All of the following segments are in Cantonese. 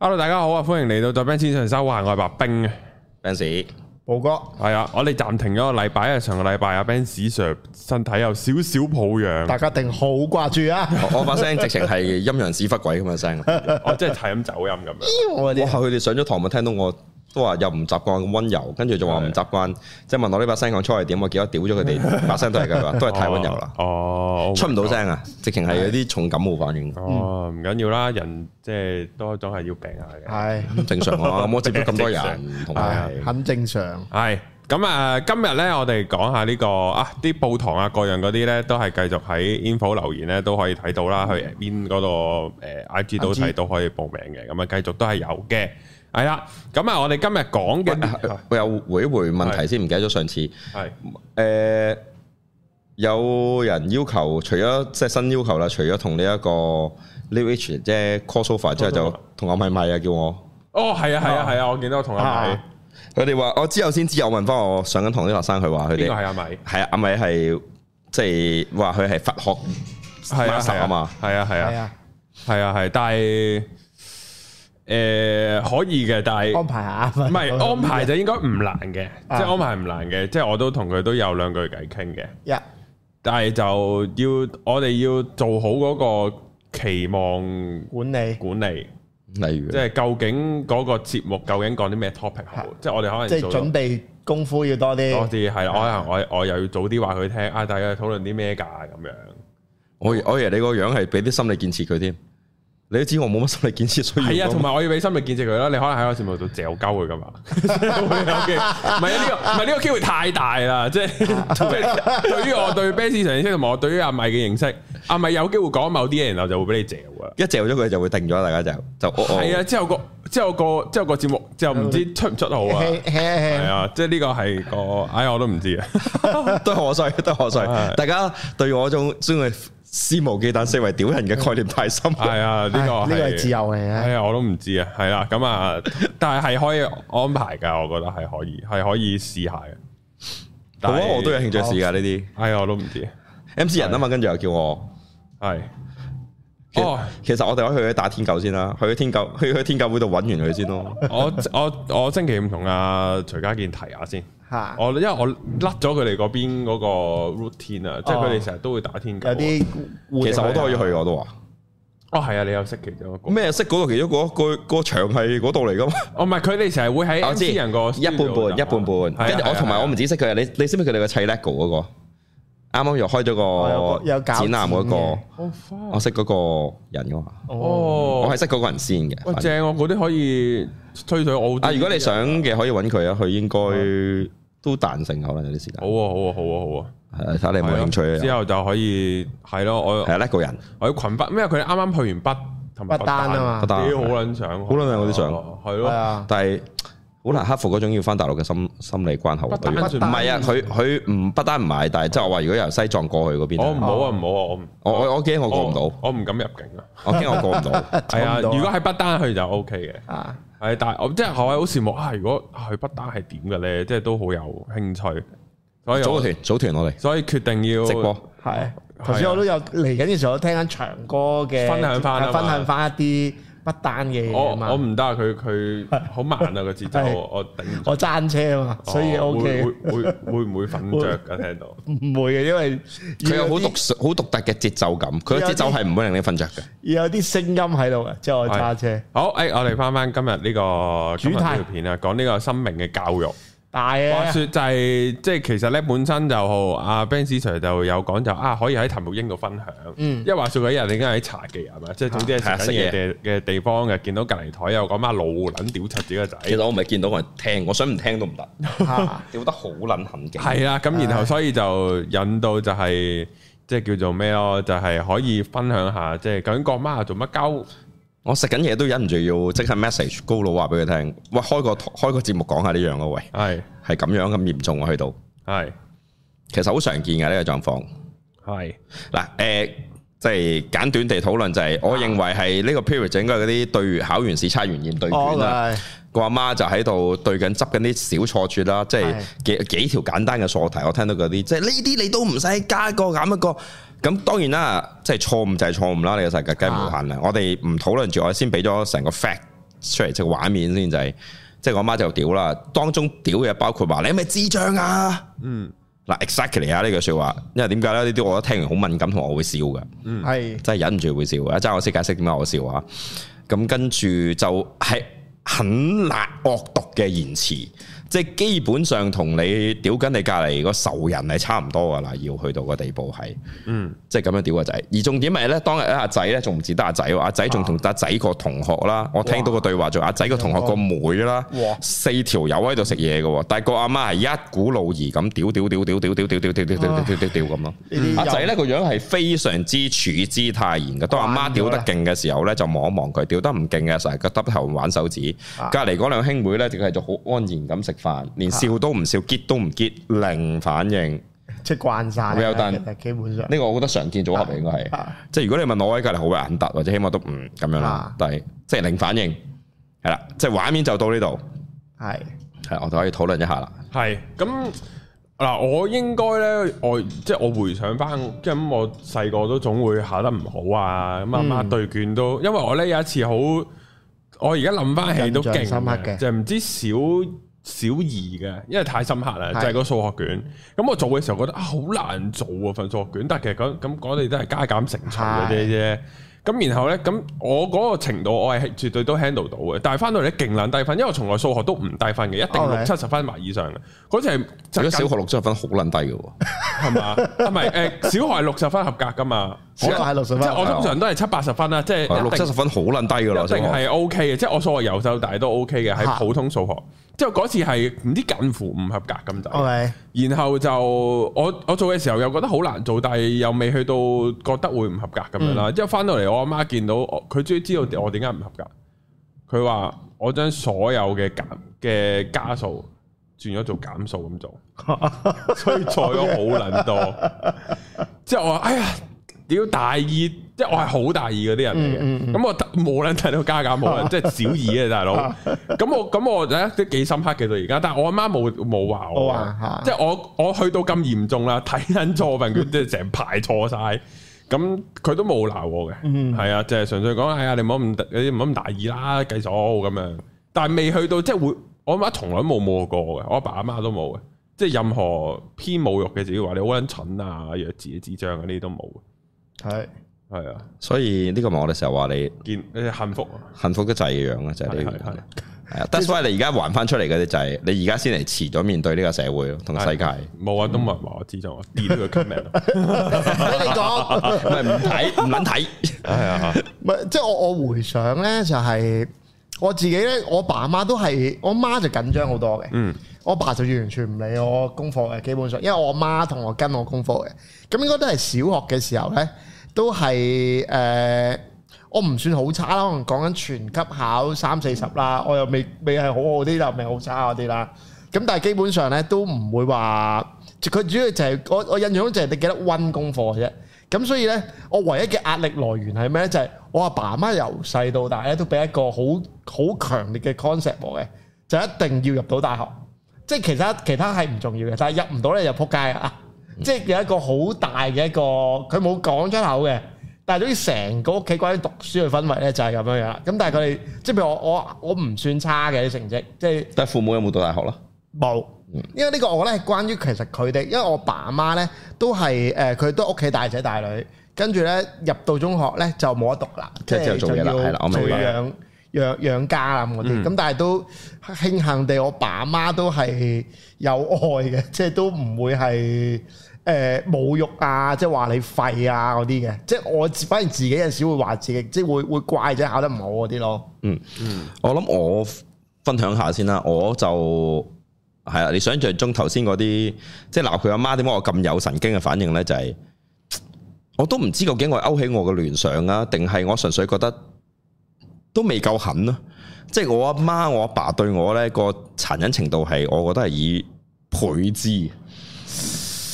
hello，大家好啊，歡迎嚟到《在 Benz 上修行》我哥，我係白兵啊，Benz，寶哥，係啊，我哋暫停咗個禮拜啊，上個禮拜阿 Benz Sir 身體有少少抱恙，大家一定好掛住啊， 我把聲直情係陰陽屎忽鬼咁嘅聲，我真係睇咁走音咁樣，我哋， 佢哋上咗堂咪聽到我。都話又唔習慣咁溫柔，跟住仲話唔習慣，即係問我呢把聲講出嚟點？我結果屌咗佢哋把聲都係噶，都係太溫柔啦。哦，出唔到聲啊！直情係有啲重感冒反應。哦，唔緊要啦，人即係多咗係要病下嘅。係正常啊，我接觸咁多人，同埋很正常。係咁啊！今日咧，我哋講下呢個啊啲報堂啊，各樣嗰啲咧都係繼續喺 Info 留言咧都可以睇到啦。去邊個嗰個誒 IG 都睇都可以報名嘅，咁啊繼續都係有嘅。係啦，咁啊，我哋今日講嘅又回一回問題先，唔記得咗上次係誒有人要求，除咗即係新要求啦，除咗同呢一個 live 即係 call sofa，之後就同阿米米啊叫我哦，係啊，係啊，係啊，我見到我同阿米，佢哋話我之後先知，有問翻我上緊堂啲學生，佢話佢哋係阿米，係阿米係即係話佢係佛學 master 啊嘛，係啊，係啊，係啊，係，但係。誒，可以嘅，但係安排下，唔係安排就應該唔難嘅，即係安排唔難嘅，即係我都同佢都有兩句偈傾嘅。一，但係就要我哋要做好嗰個期望管理，管理，例如即係究竟嗰個節目究竟講啲咩 topic 好，即係我哋可能即係準備功夫要多啲。多啲係我可能我我又要早啲話佢聽啊，大家討論啲咩嘢噶咁樣。我我以為你個樣係俾啲心理建設佢添。你都知我冇乜心理建設所以係啊，同埋我要俾心理建設佢啦。你可能喺我節目度嚼鳩佢㗎嘛？唔係呢個，唔係呢個機會太大啦。即係對於我對 Bass 嘅認識，同埋我對於阿米嘅認識，阿米有機會講某啲嘢，然後就會俾你嚼啊。一嚼咗佢就會定咗，大家嚼就就係、哦、啊。之後、個之後、個之後個節目就唔知出唔出好 啊？係啊,啊,啊，即係呢個係個，唉、哎，我都唔知啊。都我衰，都我衰。哎、呀大家對我種先係。肆無忌憚成為屌人嘅概念太深，係啊、哎，呢、這個呢個係自由嚟嘅，係啊、哎，我都唔知啊，係啦，咁啊，但係係可以安排噶，我覺得係可以，係可以試下嘅。但好我都有興趣試噶呢啲，係啊、哦些哎，我都唔知。M C 人啊嘛，是跟住又叫我，係是。其實我哋可以去打天狗先啦，去去天狗，去天狗去天狗會度揾完佢先咯。我 我我真奇唔同阿徐家健提下先。吓！我因為我甩咗佢哋嗰邊嗰個 routine 啊，即係佢哋成日都會打天球。有啲，其實我都可以去嘅，我都話。哦，係啊，你有識其中一個咩？識嗰度，其中嗰個個牆係嗰度嚟嘅嘛。哦，唔係，佢哋成日會喺黐人個一半半、一半半。跟住我同埋我唔止識佢啊！你你識唔識佢哋個砌 lego 嗰個？啱啱又開咗個展覽嗰個。我識嗰個人嘅嘛。哦，我係識嗰個人先嘅。正我嗰啲可以推推我，如果你想嘅可以揾佢啊，佢應該。都彈性，可能有啲時間。好啊，好啊，好啊，好啊。睇下你有冇興趣之後就可以係咯，我係啊，叻個人。我要群北咩？佢啱啱去完北同埋北丹啊嘛，幾好撚想，好撚想嗰啲相。係咯，但係好難克服嗰種要返大陸嘅心心理關口。唔係啊，佢佢唔北丹唔係，但係即係我話，如果由西藏過去嗰邊，我唔好啊，唔好啊，我我我驚我過唔到，我唔敢入境啊，我驚我過唔到。係啊，如果喺北丹去就 OK 嘅啊。係，但係我即係我係好羨慕啊！如果佢不單係點嘅咧，即係都好有興趣，所以組個團，組團落嚟，所以決定要直播。係，頭先我都有嚟緊嘅時候我聽長，聽緊長歌嘅，分享翻，吧分享翻一啲。不單嘅嘢嘛，我我唔得啊！佢佢好慢啊個節奏，我頂。我揸車啊嘛，所以 O K。會會會唔會瞓著噶？聽到，唔會嘅，因為佢有好獨好獨特嘅節奏感，佢個節奏係唔會令你瞓著嘅。要有啲聲音喺度啊，即係我揸車。好，誒我哋翻翻今日呢個主題條片啊，講呢個生命嘅教育。大啊！話説就係即係其實咧本身就阿 Ben Sir 就有講就啊可以喺譚木英度分享，嗯，因為話説嗰日你應該喺茶記係咪？即係總之喺食嘢嘅嘅地方嘅，見、啊、到隔離台有講媽老撚屌柒自己個仔。其實我唔係見到，我係聽，我想唔聽都唔 得，屌得好撚狠嘅。係啦，咁然後所以就引到就係即係叫做咩咯？就係、是、可以分享下，即、就、係、是、究竟郭媽做乜鳩？我食緊嘢都忍唔住要即刻 message 高佬話俾佢聽，喂，開個開個節目講下呢樣咯，是喂係係咁樣咁嚴重啊，去到係是其實好常見㗎呢個狀況係嗱誒，即係簡短地討論就係我認為係呢個 period 就係應該嗰啲對考完試測完驗對卷啦。Oh，我阿媽就喺度對緊執緊啲小錯處啦，即係幾幾條簡單嘅錯題，我聽到嗰啲，即係呢啲你都唔使加個減一個。咁當然啦、uh.，即係錯誤就係錯誤啦，你個世界梗係無限啦。我哋唔討論住，我先俾咗成個 fact 出嚟，即係畫面先就係，即係我阿媽就屌啦。當中屌嘅包括話你係咪智障啊？嗯，嗱 exactly 啊呢句說話，因為點解咧？呢啲我都聽完好敏感，同我會笑噶，係真係忍唔住會笑。阿周，我先解釋點解我笑啊、嗯。咁跟住就係。狠辣惡毒嘅言辭。即係基本上同你屌緊你隔籬個仇人係差唔多噶啦要去到個地步係，嗯，即係咁樣屌個仔。而重點係咧，當日阿仔咧仲唔止得阿仔，阿仔仲同阿仔個同學啦，我聽到個對話就阿仔個同學個妹啦，四條友喺度食嘢噶但係個阿媽係一股腦兒咁屌屌屌屌屌屌屌屌屌屌屌屌屌屌咁咯。阿仔咧個樣係非常之處之泰然嘅，當阿媽屌得勁嘅時候咧就望一望佢，屌得唔勁嘅成日個耷頭玩手指。隔籬嗰兩兄妹咧就係就好安然咁食。煩，連笑都唔笑，的結都唔結，零反應，即係慣晒。有但基本上呢個我覺得常見組合嚟，應該係。即係如果你問我，我覺得好難得，或者起碼都唔咁樣啦。但係的即係零反應，係啦，即係畫面就到呢度。係係的我就可以討論一下啦。係咁嗱，我應該咧，我即係我回想翻，即係咁，我細個都總會考得唔好啊。咁阿媽對卷都，嗯、因為我咧有一次好，我而家諗翻起都勁深刻嘅，就唔知小。小二嘅，因為太深刻啦，就係個數學卷。咁我做嘅時候覺得啊，好難做啊份數學卷。但係其實咁講，你都係加減乘除嘅啫。咁然後咧，咁我嗰個程度，我係係絕對都 handle 到嘅。但係翻到嚟咧，勁撚低分，因為我從來數學都唔低分嘅，一定六七十分或以上嘅。嗰陣，如果小學六七十分好撚低嘅，係嘛？係咪誒，小學係六十分合格噶嘛？我都係六十分，即係我通常都係七八十分啦，即係六七十分好撚低嘅啦。一定係 OK 嘅，即係我數學由細到大都 OK 嘅，喺普通數學。之後嗰次係唔知近乎唔合格咁就，Okay. 然後就我我做嘅時候又覺得好難做，但係又未去到覺得會唔合格咁樣啦。之後、嗯、翻到嚟，我阿媽見到我，佢終於知道我點解唔合格。佢話我將所有嘅減嘅加數轉咗做減數咁做， 所以錯咗好捻多。 之後我話哎呀～屌，大意，即係我係好大意嗰啲人嚟嘅，咁我冇論睇到家減冇人，即係 小二啊大佬，咁 我咁我都幾深刻嘅到而家，但係我阿媽冇冇話我，即係我我去到咁嚴重啦，睇緊錯病，佢即係成排錯晒，咁佢都冇鬧我嘅，係、嗯嗯、啊，即係純粹講係啊，你唔好咁，你唔好咁大意啦，計數咁樣，但係未去到即係會，我阿媽從來冇冇過嘅，我阿爸阿媽都冇嘅，即係任何偏侮辱嘅，自己話你好撚蠢啊、弱智嘅智障啊，呢啲都冇。係係啊，所以呢個咪我哋成日話你見你幸福、啊、幸福嘅仔樣啊，就係呢樣，係啊對。That's why 你而家還翻出嚟嘅啲仔，你而家先嚟遲咗面對呢個社會咯，同世界。冇啊，人都唔話我、嗯、我知就我掂呢個 comment。 你嚟講，唔睇唔撚睇，係 啊，咪即係我我回想咧、就是，就係我自己咧，我爸媽都係，我媽就緊張好多嘅，嗯。我爸就完全唔理我功課嘅，基本上，因為我媽同我跟我功課嘅，咁應該都係小學嘅時候呢，都係誒、呃，我唔算好差啦，可能講緊全級考三四十啦，我又未未係好好啲又未好差嗰啲啦，咁但係基本上呢，都唔會話，佢主要就係、是、我我印象中就係你記得温功課啫，咁所以呢，我唯一嘅壓力來源係咩咧？就係、是、我阿爸媽由細到大咧都俾一個好好強烈嘅 concept 我嘅，就一定要入到大學。即係其他其他係唔重要嘅，但係入唔到咧就撲街啊！即係有一個好大嘅一個，佢冇講出口嘅，但係總之成個屋企關於讀書嘅氛圍咧就係咁樣樣。咁但係佢哋即係譬如我我我唔算差嘅啲成績，即係但係父母有冇讀大學啦？冇，因為呢個我咧關於其實佢哋，因為我爸媽咧都係誒，佢都屋企大仔大女，跟住咧入到中學咧就冇得讀啦，即係之後做嘢啦。養養家啊咁啲，咁、嗯、但係都慶幸地，我爸媽都係有愛嘅，即係都唔會係誒、呃、侮辱啊，即係話你廢啊嗰啲嘅，即係我反而自己有陣時會話自己，即係會會怪啫、就是、考得唔好嗰啲咯。嗯嗯，我諗我分享下先啦，我就係啊，你想象中頭先嗰啲，即係嗱佢阿媽點解我咁有神經嘅反應咧？就係、是、我都唔知究竟我勾起我嘅聯想啊，定係我純粹覺得。都未夠狠咯，即係我阿媽我阿爸，爸對我呢個殘忍程度係，我覺得係以倍之。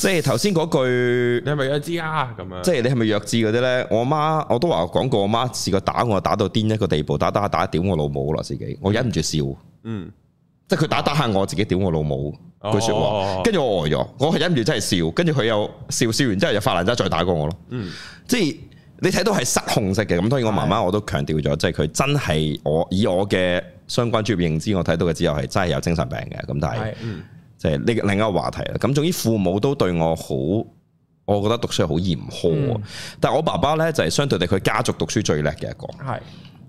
即係頭先嗰句，你係咪弱智啊？咁樣，即係你係咪弱智嗰啲呢？我阿媽我都話講過，阿媽試過打我打到癲一個地步，打打打屌我老母咯自己，我忍唔住笑。嗯，即係佢打打下我自己屌我老母，句說話，跟住、哦、我呆咗，我係忍唔住真係笑，跟住佢又笑，笑完之後又發爛渣再打過我咯。嗯，即係。你睇到係失控式嘅，咁當然我媽媽我都強調咗，是的 即係佢真係我以我嘅相關專業認知，我睇到嘅只有係真係有精神病嘅，咁但係的、嗯、即係另另一個話題啦。咁總之，父母都對我好，我覺得讀書好嚴苛的、嗯、但係我爸爸咧就係、是、相對地，佢家族讀書最叻嘅一個。係。的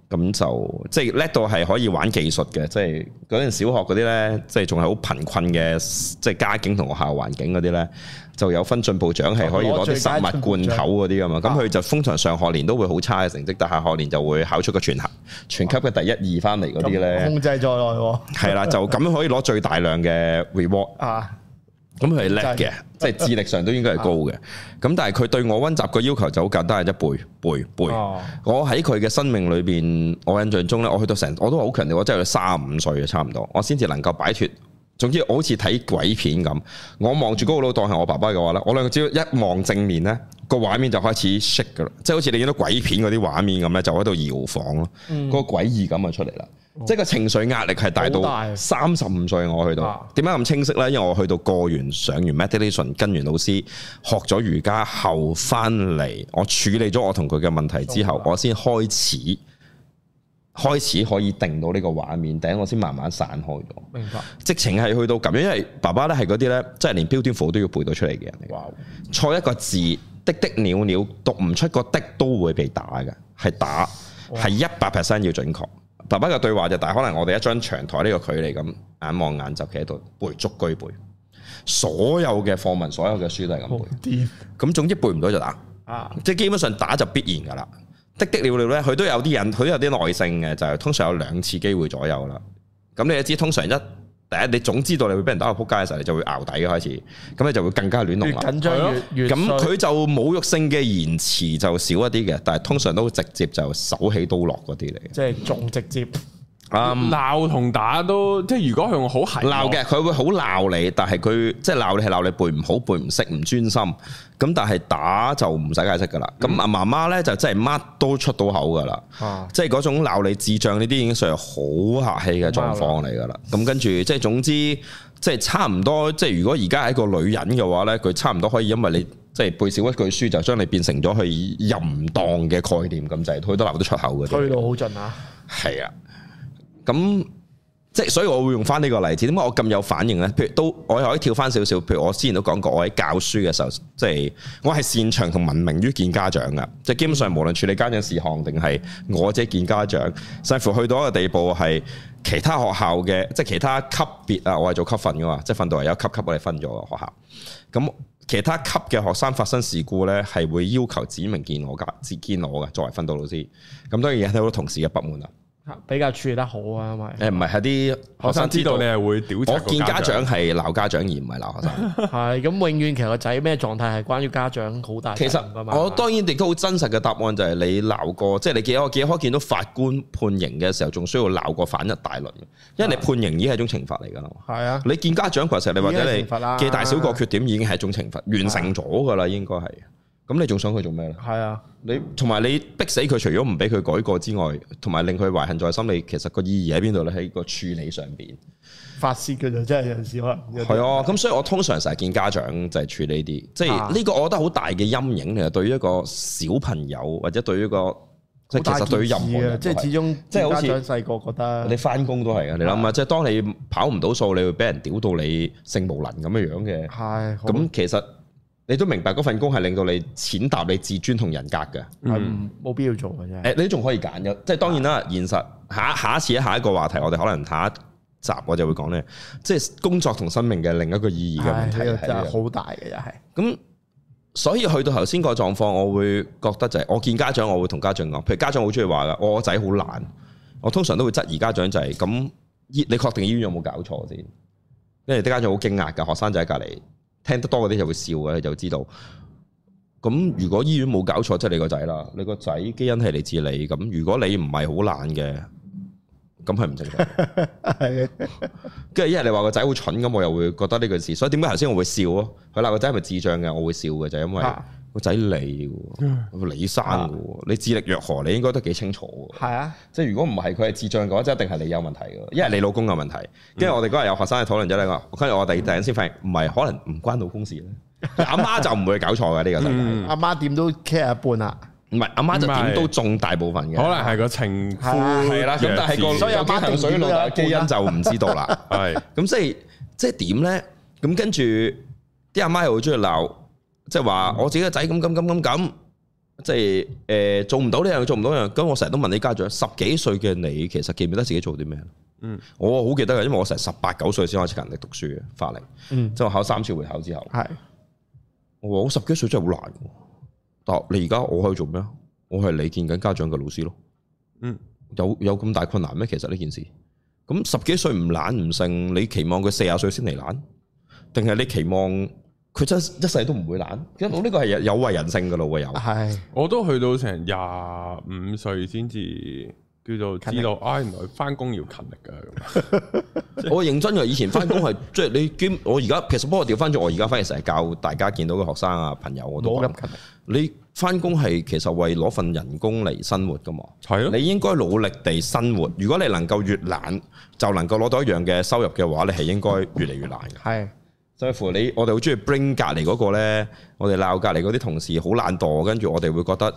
咁、嗯、就即係叻到係可以玩技術嘅，即係嗰陣小學嗰啲呢，即係仲係好貧困嘅，即、就、係、係、家境同學校環境嗰啲呢，就有分進步獎係可以攞啲食物罐頭嗰啲啊嘛。咁佢就通常上學年都會好差嘅成績，但下學年就會考出個全級、全級嘅第一二翻嚟嗰啲呢，控、啊、制在內喎、啊。係啦，就咁可以攞最大量嘅 reward 啊！咁佢係叻嘅，即係、就是、智力上都應該係高嘅。咁、啊、但係佢對我溫習嘅要求就好簡單，係一背背背。背啊、我喺佢嘅生命裏邊，我印象中咧，我去到成我都好強調，我真係三五歲啊，差唔多，我先至能夠擺脫。總之，我好似睇鬼片咁，我望住嗰個佬當係我爸爸嘅話咧，我兩個只要一望正面咧，個畫面就開始 shake 噶啦，即係好似你見到鬼片嗰啲畫面咁咧，就喺度搖晃咯，嗰、嗯、個詭異感就出嚟啦。即係個情緒壓力係大到三十五歲，我去到點解咁清晰呢？因為我去到過完上完 meditation 跟完老師學咗瑜伽後，翻嚟我處理咗我同佢嘅問題之後，嗯、我先開始開始可以定到呢個畫面，第一我先慢慢散開咗。明白，直情係去到咁樣，因為爸爸咧係嗰啲咧，即係連標點符都要背到出嚟嘅人。嚟哇。錯一個字的的鳥鳥讀唔出個的都會被打嘅，係打係一百 percent 要準確。爸爸嘅對話就，但係可能我哋一張長枱呢個距離咁，眼望眼就企喺度背足居背，所有嘅課文、所有嘅書都係咁背。咁的總之背唔到就打，啊、即係基本上打就必然噶啦。的的了得得了咧，佢都有啲人，佢都有啲耐性嘅，就係通常有兩次機會左右啦。咁你又知通常一。你總知道你會俾人打到仆街嘅時候，你就會淆底嘅開始，咁你就會更加亂動啦。緊張咁佢的就侮辱性嘅言辭就少一啲嘅，但係通常都直接就手起刀落嗰啲嚟嘅，即係仲直接。啊！鬧同打都即係，如果我好，鬧嘅佢會好鬧你，但係佢即係鬧你係鬧你背唔好背唔識唔專心。咁但係打就唔使解釋噶啦。咁阿媽媽咧就真係乜都出到口噶啦。啊、即係嗰種鬧你智障呢啲，已經算係好客氣嘅狀況嚟噶啦。咁、嗯、跟住即係總之，即係差唔多。即係如果而家係一個女人嘅話咧，佢差唔多可以因為你即係背少一句書，就將你變成咗去淫蕩嘅概念咁就係，佢都鬧得出口嘅。推到好盡啊！係啊。咁即係所以，我會用翻呢個例子，點解我咁有反應呢？譬如都，我可以跳翻少少。譬如我之前都講過，我喺教書嘅時候，即係我係擅長同聞名於見家長噶。即係基本上，無論處理家長事項定係我者係見家長，甚至乎去到一個地步係其他學校嘅，即係其他級別啊，我係做級訓噶嘛，即係訓導係有級級我哋分咗嘅學校。咁其他級嘅學生發生事故呢，係會要求指名見我噶，指見我嘅作為訓導老師。咁當然有好多同事嘅不滿啦。比較處理得好啊，因為誒唔係，係啲學生知道，知道你係會屌，我見家長係鬧家長而唔係鬧學生。係咁， 永遠其實個仔咩狀態係關於家長好大。其實我當然亦都好真實嘅答案就係你鬧過，即係你記得我記得見到法官判刑嘅時候，仲需要鬧過反一大輪，因為你判刑已經係一種懲罰嚟噶啦。係啊，你見家長其實你或者你嘅大小個缺點已經係一種懲罰，懲罰應該完成咗噶啦，啊、應該係。咁你仲想佢做咩咧？係啊，你同埋你逼死佢，除咗唔俾佢改過之外，同埋令佢懷恨在心，你其實個意義喺邊度咧？喺個處理上邊，發泄嘅就真係有陣時可能係啊。咁所以我通常成日見家長就係處理啲，即係呢個我覺得好大嘅陰影。其實對於一個小朋友或者對於一個，即係其實對於任何，即係始終，即係家長細個覺得你翻工都係啊。你諗下，即係當你跑唔到數，你會俾人屌到你性無能咁嘅樣嘅。係咁，其實。你都明白嗰份工係令到你踐踏你自尊同人格嘅，冇必要做嘅真、嗯、你仲可以揀嘅，即係當然啦。現實下下一次下一個話題我哋可能下一集我就會講呢，即係工作同生命嘅另一個意義嘅問題係好、哎這個、大嘅，又、就、係、是。咁所以去到頭先個狀況，我會覺得就係、是、我見家長，我會同家長講，譬如家長好中意話噶，我個仔好懶，我通常都會質疑家長就係、是、咁，醫你確定醫院有冇搞錯先？因為啲家長好驚訝噶，學生就喺隔籬。聽得多嗰啲就會笑嘅，就知道。咁如果醫院冇搞錯，即係你個仔啦，你個仔基因係嚟自你。咁如果你唔係好懶嘅，咁係唔正常。係跟住一係你話個仔會蠢，咁我又會覺得呢件事。所以點解頭先我會笑咯？佢鬧個仔係咪智障嘅？我會笑嘅，就係因為。個仔你，李生嘅，的你智力若何，你應該都幾清楚。係啊，即係如果唔係佢係智障嘅話，即一定係你有問題嘅，因為你老公有問題。跟住我哋嗰日有學生去討論咗咧，跟住我哋第日先發現，唔係，可能唔關老公事咧。阿媽就唔會搞錯嘅呢個世界。阿媽點都 care 一半啊，唔係阿媽就點都中大部分嘅。可能係個情夫係啦，咁但係，那個是所以阿媽同水佬嘅基因就唔知道啦。係咁 即係即係點咧？咁跟住啲阿媽又會中意鬧。即係話我自己嘅仔咁咁咁咁咁，即係誒、呃、做唔到呢樣做唔到樣，咁我成日都問你家長，十幾歲嘅你其實記唔記得自己做啲咩？嗯，我好記得嘅，因為我成日十八九歲先開始勤力讀書嘅發力，嗯，即係我考三次會考之後，係是的 我話，我十幾歲真係好難。但你而家我可以做咩啊？我係你見緊家長嘅老師咯。嗯有，有有咁大困難咩？其實呢件事，咁十幾歲唔懶唔成，你期望佢四廿歲先嚟懶，定係你期望？佢真一世都唔會懶，我呢個係有違人性噶咯喎又。係是，我都去到成廿五歲先至叫做知道，唉力，原來翻工要勤力嘅。 我認真嘅，以前翻工係即係你我而家其實幫我調翻轉，我而家返嚟成日教大家見到嘅學生啊、朋友我都講，力勤力你翻工係其實為攞份人工嚟生活噶嘛。係啊的，你應該努力地生活。如果你能夠越懶，就能夠攞到一樣嘅收入嘅話，你係應該越嚟越懶嘅。係。甚至乎你，我哋好中意 bring 隔籬嗰、嗰個呢，我哋鬧隔籬嗰啲同事好懶惰，跟住我哋會覺得，誒、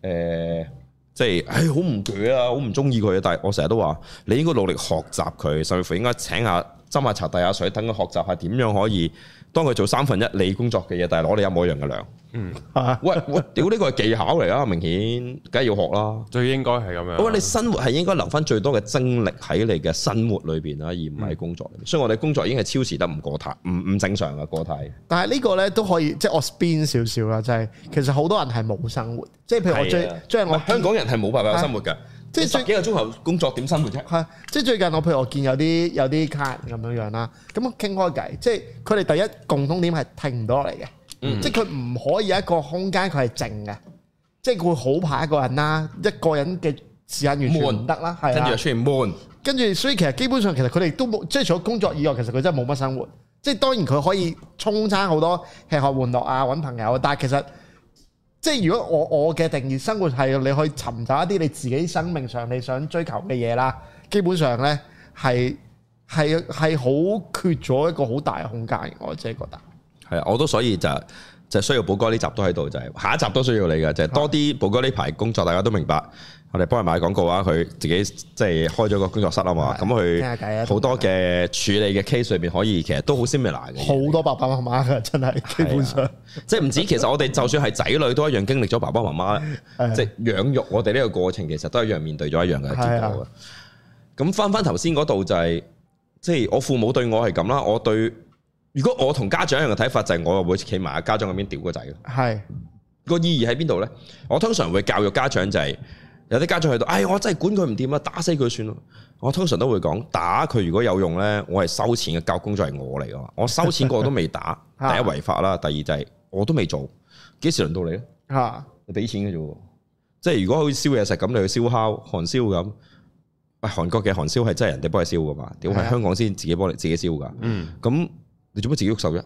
呃，即係，唉，好唔鋸啊，好唔中意佢。但係我成日都話，你應該努力學習佢，甚至乎應該請下，斟下茶、遞下水，等佢學習下點樣可以。當佢做三分一你工作嘅嘢，但係攞你一模一樣嘅糧。嗯，喂，喂，屌呢個係技巧嚟啊！明顯，梗係要學啦。最應該係咁樣。喂，你生活係應該留返最多嘅精力喺你嘅生活裏邊啊，而唔喺工作裡面。嗯，所以我哋工作已經係超時得唔過態，唔唔正常嘅過態，但係呢個咧都可以，即係我 spend 少少啦。就係，是，其實好多人係冇生活，即係譬如我最的即係我香港人係冇辦法有生活噶。即係十幾個鐘頭工作點生活啫？係，即係最近我譬如我見有啲有啲客咁樣樣啦，咁啊傾開偈，即係佢哋第一共通點係停唔到落嚟嘅，嗯、即係佢唔可以有一個空間佢係靜嘅，即係佢會好怕一個人啦，一個人嘅時間完全悶得啦，係跟住出現悶，跟住所以其實基本上其實佢哋都冇，即係除咗工作以外，其實佢真係冇乜生活。即係當然佢可以充餐好多吃喝玩樂啊，揾朋友啊，但係其實。即係如果我我嘅定義生活係你去尋找一啲你自己生命上你想追求嘅嘢啦，基本上呢係係係好缺咗一個好大嘅空間，我自己覺得係啊！我都所以就就是、需要寶哥呢集都喺度就係、是、下一集都需要你嘅，就係、是、多啲寶哥呢排工作，大家都明白。我哋幫人買廣告啊，佢自己即係開咗個工作室啊嘛，咁佢好多嘅處理嘅 case 上面可以，其實都好 similar 嘅。好多爸爸媽媽嘅，真係的基本上，即係唔止。其實我哋就算係仔女都一樣經歷咗爸爸媽媽，的即係養育我哋呢個過程，其實都一樣面對咗一樣嘅結果。咁翻翻頭先嗰度就係，即係我父母對我係咁啦，我對如果我同家長一樣嘅睇法，就係我又會企埋家長嗰邊屌個仔嘅。係的個意義喺邊度咧？我通常會教育家長就係。有啲家長喺度，哎，我真係管佢唔掂啊，打死佢算咯！我通常都會講打佢如果有用咧，我係收錢嘅教工作係我嚟噶嘛，我收錢過都未打，第一違法啦， 第二就係、是、我都未做，幾時輪到你咧？ 你俾錢嘅啫喎！即係如果好似燒嘢食咁，你去燒烤、韓燒咁，喂，韓國嘅韓燒係真係人哋幫你燒噶嘛？屌係 香港先自己幫你自己燒噶？嗯，咁你做乜自己喐手啫？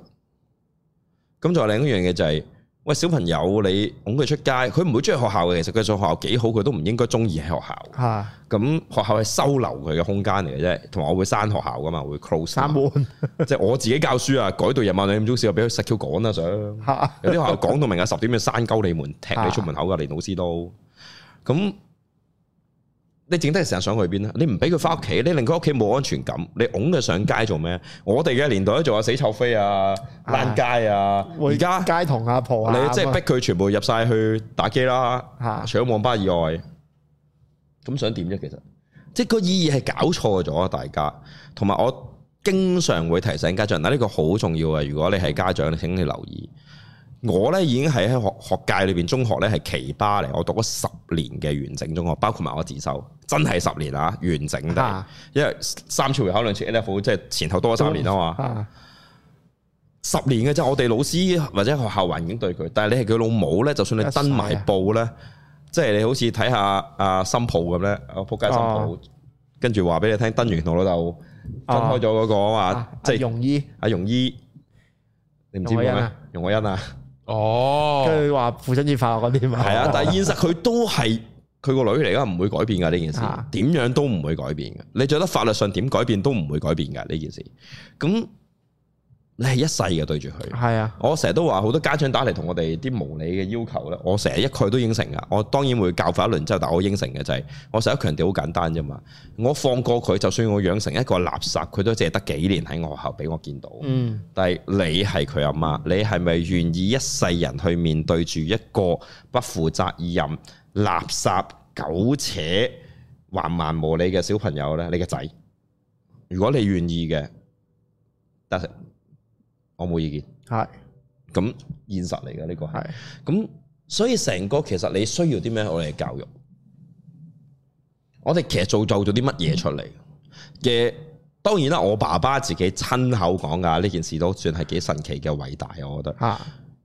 咁 仲有另一樣嘢就係、是。喂，小朋友，你捧佢出街，佢唔會中意學校嘅。其實佢上學校幾好，佢都唔應該中意喺學校。吓，咁學校係收留佢嘅空間嚟嘅啫。同埋我會閂學校噶嘛，會 close 閂門。嗯、 即係我自己教書啊，改到日晚兩點半鐘，事又俾細 Q 趕啦。想、啊。啊、有啲學校講到明啊十點要閂鳩你門，踢你出門口噶，啊、連老師都咁。你剩低成日想去邊咧？你唔俾佢翻屋企，你令佢屋企冇安全感。你拱佢上街做咩？我哋嘅年代做啊死臭飛啊爛街啊，而家、哎、在街童阿婆啊，啊你即係逼佢全部入晒去打機啦，吓、啊、除咗網吧以外，咁、啊、想點啫？其實即係個意義係搞錯咗，大家同埋我經常會提醒家長，嗱呢個好重要啊！如果你係家長，請你留意。我咧已經係喺學學界裏邊，中學咧係奇葩嚟。我讀咗十年嘅完整中學，包括埋我自修，真係十年啊！完整得。因為三次會考兩次 A level 即係前後多咗三年啊嘛。十年嘅啫，我哋老師或者學校環境對佢，但係你係佢老母咧，就算你登埋報咧，噢即係你好似睇下阿新抱咁咧，仆街新抱，跟住話俾你聽，登完我老豆，分開咗嗰個啊，即係容姨，阿、啊、容姨，你唔知咩咩、啊？容偉恩啊！哦，佢話父親節法律嗰邊嘛，係啊，但係現實佢都係佢個女嚟噶，唔會改變噶呢件事，點樣都唔會改變嘅。你覺得法律上點改變都唔會改變噶呢件事，咁。你係一世嘅對住佢。係啊，我成日都話好多家長打嚟同我哋啲無理嘅要求咧，我成日一概都應承噶。我當然會教訓一輪之後，但我應承嘅就係、是、我成日強調好簡單啫嘛。我放過佢，就算我養成一個垃圾，佢都只係得幾年喺我學校俾我見到。嗯，但係你係佢阿媽，你係咪願意一世人去面對住一個不負責任、垃圾、苟且、橫蠻無理嘅小朋友呢？你個仔，如果你願意嘅，但我冇意見，係咁的現實嚟噶呢個係，咁的所以成個其實你需要啲咩？我哋嘅教育，我哋其實做做咗啲乜嘢出嚟嘅？嗯、當然啦，我爸爸自己親口講噶呢件事都算係幾神奇嘅偉大啊！我覺得，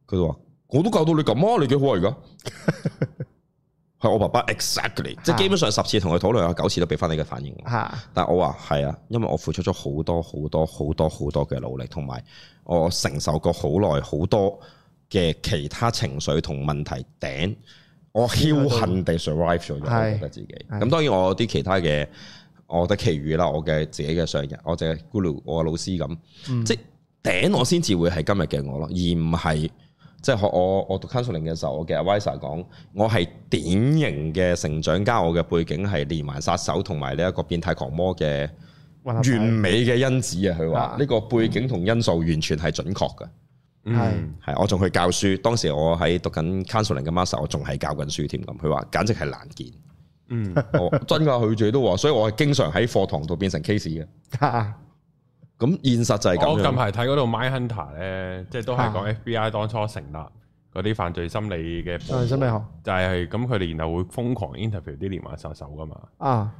佢就話：我都教到你咁啊！你幾好而、啊、家？ 係我爸爸，exactly，的即係基本上十次同佢討論，有九次都俾翻你嘅反應。的但係我話係啊，因為我付出咗好多好多好多好多嘅努力，同埋我承受過好耐好多嘅其他情緒同問題頂，的我僥倖地 survive 咗。的我覺得自己咁的當然我有啲其他嘅，我得其餘啦，我嘅自己嘅上日，我就係 guru 我老師咁，嗯、即係頂我先至會係今日嘅我咯，而唔係。即係我我讀 counseling 嘅時候，我嘅 advisor 講我係典型嘅成長家，加我嘅背景係連環殺手同埋呢一個變態狂魔嘅完美嘅因子啊！佢話呢個背景同因素完全係準確嘅。係係、嗯嗯，我仲去教書，當時我喺讀緊 counseling 嘅 master，我仲係教緊書添咁。佢話簡直係難見。嗯， 我真㗎，佢最都話，所以我係經常喺課堂度變成 case 嘅。啊。咁現實就係咁。我近排睇嗰套《Mindhunter》咧，即係都係講 FBI 當初成立嗰啲犯罪心理嘅，犯罪心理學就係咁。佢哋然後會瘋狂 interview 啲連環殺手噶嘛。啊，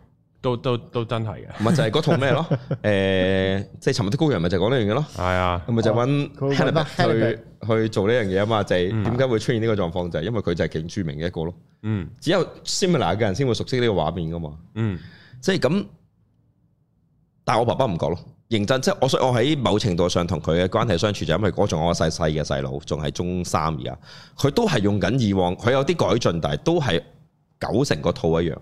都都都真係嘅。咪就係嗰套咩咯？誒、 欸，即係尋日啲高人咪就講呢樣嘢咯。係啊，係咪就揾 Hannibal 去、啊、去做呢樣嘢啊？嘛，就係點解會出現呢個狀況？就係、嗯、因為佢就係勁著名嘅一個咯。嗯，只有 Similar 嘅人先會熟悉呢個畫面噶嘛。嗯，即係咁，但係我爸爸唔講咯。認真，即係我，我喺某程度上同佢嘅關係相處，就因為我仲我細細嘅細佬，仲係中三而家，佢都係用緊以往，佢有啲改進，但係都係九成個套一樣。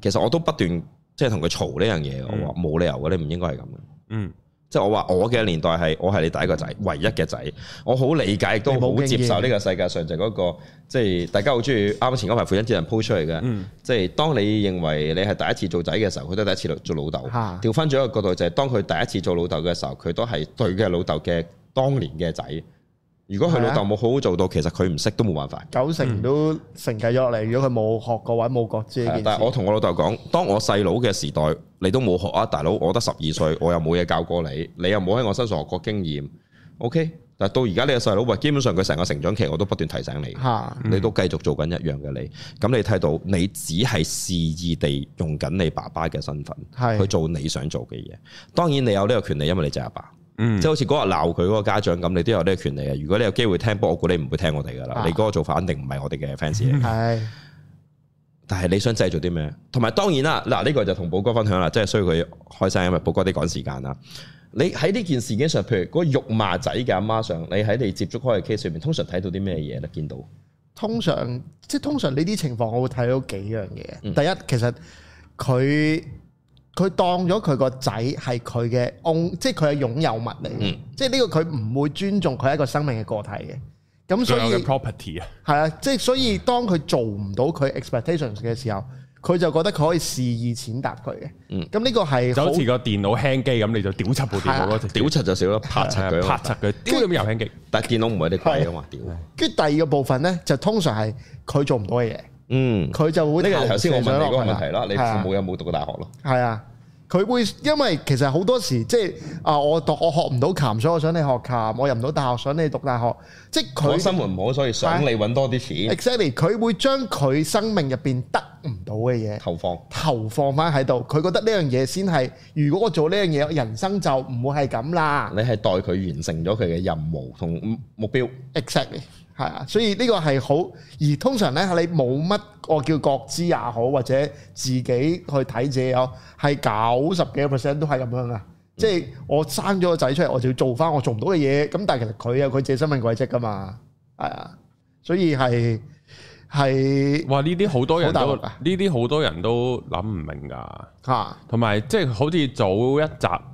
其實我都不斷即係同佢嘈呢樣嘢，我話冇理由嘅，你唔應該係咁嘅。嗯。即係我話我嘅年代係，我係你第一個仔，唯一嘅仔，我好理解，亦都好接受呢個世界上就嗰個，即係大家好中意，啱啱前嗰排父親節人鋪出嚟嘅，嗯、即係當你認為你係第一次做仔嘅時候，佢都第一次做老豆，調翻轉一個角度就係當佢第一次做老豆嘅時候，佢都係佢嘅老豆嘅當年嘅仔。.如果佢老豆冇好好做到，的其實佢唔識都冇辦法。九成都承繼落嚟，嗯、如果佢冇學過或者冇覺知呢件事。但係我同我老豆講，當我細佬嘅時代，你都冇學啊，大佬，我得十二歲，我又冇嘢教過你，你又冇喺我身上學過經驗。OK，但到而家你嘅細佬，喂，基本上佢成個成長期，我都不斷提醒你，嗯、你都繼續做緊一樣嘅你。咁你睇到，你只係肆意地用緊你爸爸嘅身份，去做你想做嘅嘢。當然你有呢個權利，因為你就係阿爸，爸。嗯，即係好似嗰日鬧佢嗰個家長咁，你都有呢個權利啊！如果你有機會聽，不過我估你唔會聽我哋噶啦，啊、你嗰個做法肯定唔係我哋嘅 fans 嚟。係唉，但係你想製造啲咩？同埋當然啦，嗱、這、呢個就同寶哥分享啦，即係需要佢開聲，因為寶哥啲趕時間啦。你喺呢件事件上，譬如嗰個辱罵仔嘅阿媽上，你喺你接觸開嘅 case 上面，通常睇到啲咩嘢咧？見到通常，即係通常呢啲情況，我會睇到幾樣嘢。嗯、第一，其實佢。佢當咗佢個仔係佢嘅擁，即係佢嘅擁有物嚟嘅，即係呢個佢唔會尊重佢係一個生命嘅個體嘅，咁所以 property 啊，係啊，即係所以當佢做唔到佢 expectations 嘅時候，佢就覺得佢可以肆意踐踏佢嘅，咁呢個係就好似個電腦輕機咁，你就屌柒部電腦咯，屌柒就少咯，拍柒佢，拍柒佢，屌咁輕機，但係電腦唔係啲鬼啊嘛，屌！跟住第二個部分咧，就通常係佢做唔到嘅嘢。嗯，佢就會呢個頭先我問你嗰個問題啦。你父母有冇讀過大學咯？係啊，佢會，因為其實好多時即係啊，我讀我學唔到琴，所以我想你學琴。我入唔到大學，想你讀大學。即係佢生活唔好，所以想你搵多啲錢。Exactly，佢會將佢生命入邊得唔到嘅嘢投放投放翻喺度。佢覺得呢樣嘢先係，如果我做呢樣嘢，我人生就唔會係咁啦。你係代佢完成咗佢嘅任務同目標。Exactly。係啊，所以呢個係好，而通常咧，你冇乜我叫覺知也好，或者自己去睇者又好，係九十幾個 percent 都係咁樣啊！嗯、即係我生咗個仔出嚟，我就要做翻我做唔到嘅嘢。咁但係其實佢有佢自己生命軌跡㗎嘛，係啊，所以係係哇！呢啲好多人都呢啲好多人都諗唔明㗎嚇，同埋即係好似早一集，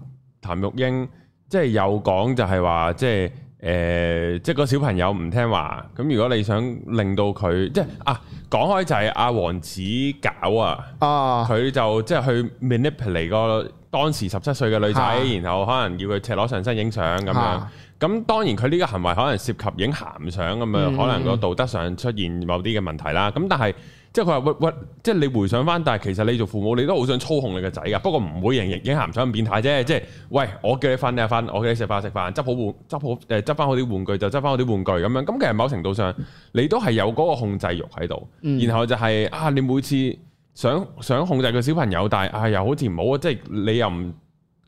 譚玉英即係有講就係話即係。誒、呃，即係個小朋友唔聽話，咁如果你想令到佢，即係啊講開就係阿王子搞啊，佢就即係去 manipulate 個當時十七歲嘅女仔，啊、然後可能要佢赤裸上身影相咁樣。咁、啊、當然佢呢個行為可能涉及影鹹相咁樣，嗯、可能個道德上出現某啲嘅問題啦。咁但係，即係佢話喂喂，即係你回想翻，但係其實你做父母，你都好想操控你個仔㗎。不過唔會型型影響唔想咁變態啫。即係喂，我叫你瞓你瞓，我叫你食飯食飯，執好玩執好誒執翻好啲玩具就執翻好啲玩具咁樣。咁其實某程度上，你都係有嗰個控制欲喺度。然後就係，啊，你每次想想控制個小朋友，但係啊又好似唔好，即係你又唔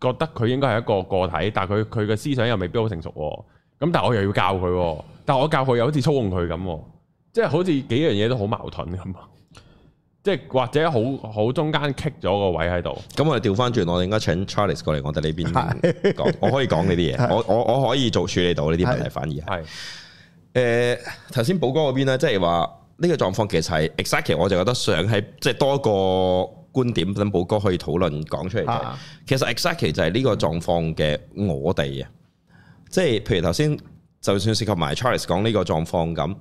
覺得佢應該係一個個體，但係佢佢嘅思想又未必好成熟。咁但係我又要教佢，但係我教佢又好似操控佢咁，即係好似幾樣嘢都好矛盾咁。即係或者好好中間棘咗個位喺度。咁我哋調返轉，我哋應該請 Charles 過嚟我哋呢邊講。 我可以講呢啲嘢， 我我我可以做處理到呢啲問題。 反而係，誒頭先寶哥嗰邊咧，即係話呢個狀況其實係 exactly，我就覺得想喺即係多個觀點等寶哥可以討論講出嚟。 其實 exactly 就係呢個狀況嘅我哋啊，即係譬如頭先就算涉及埋 Charles 講呢個狀況咁。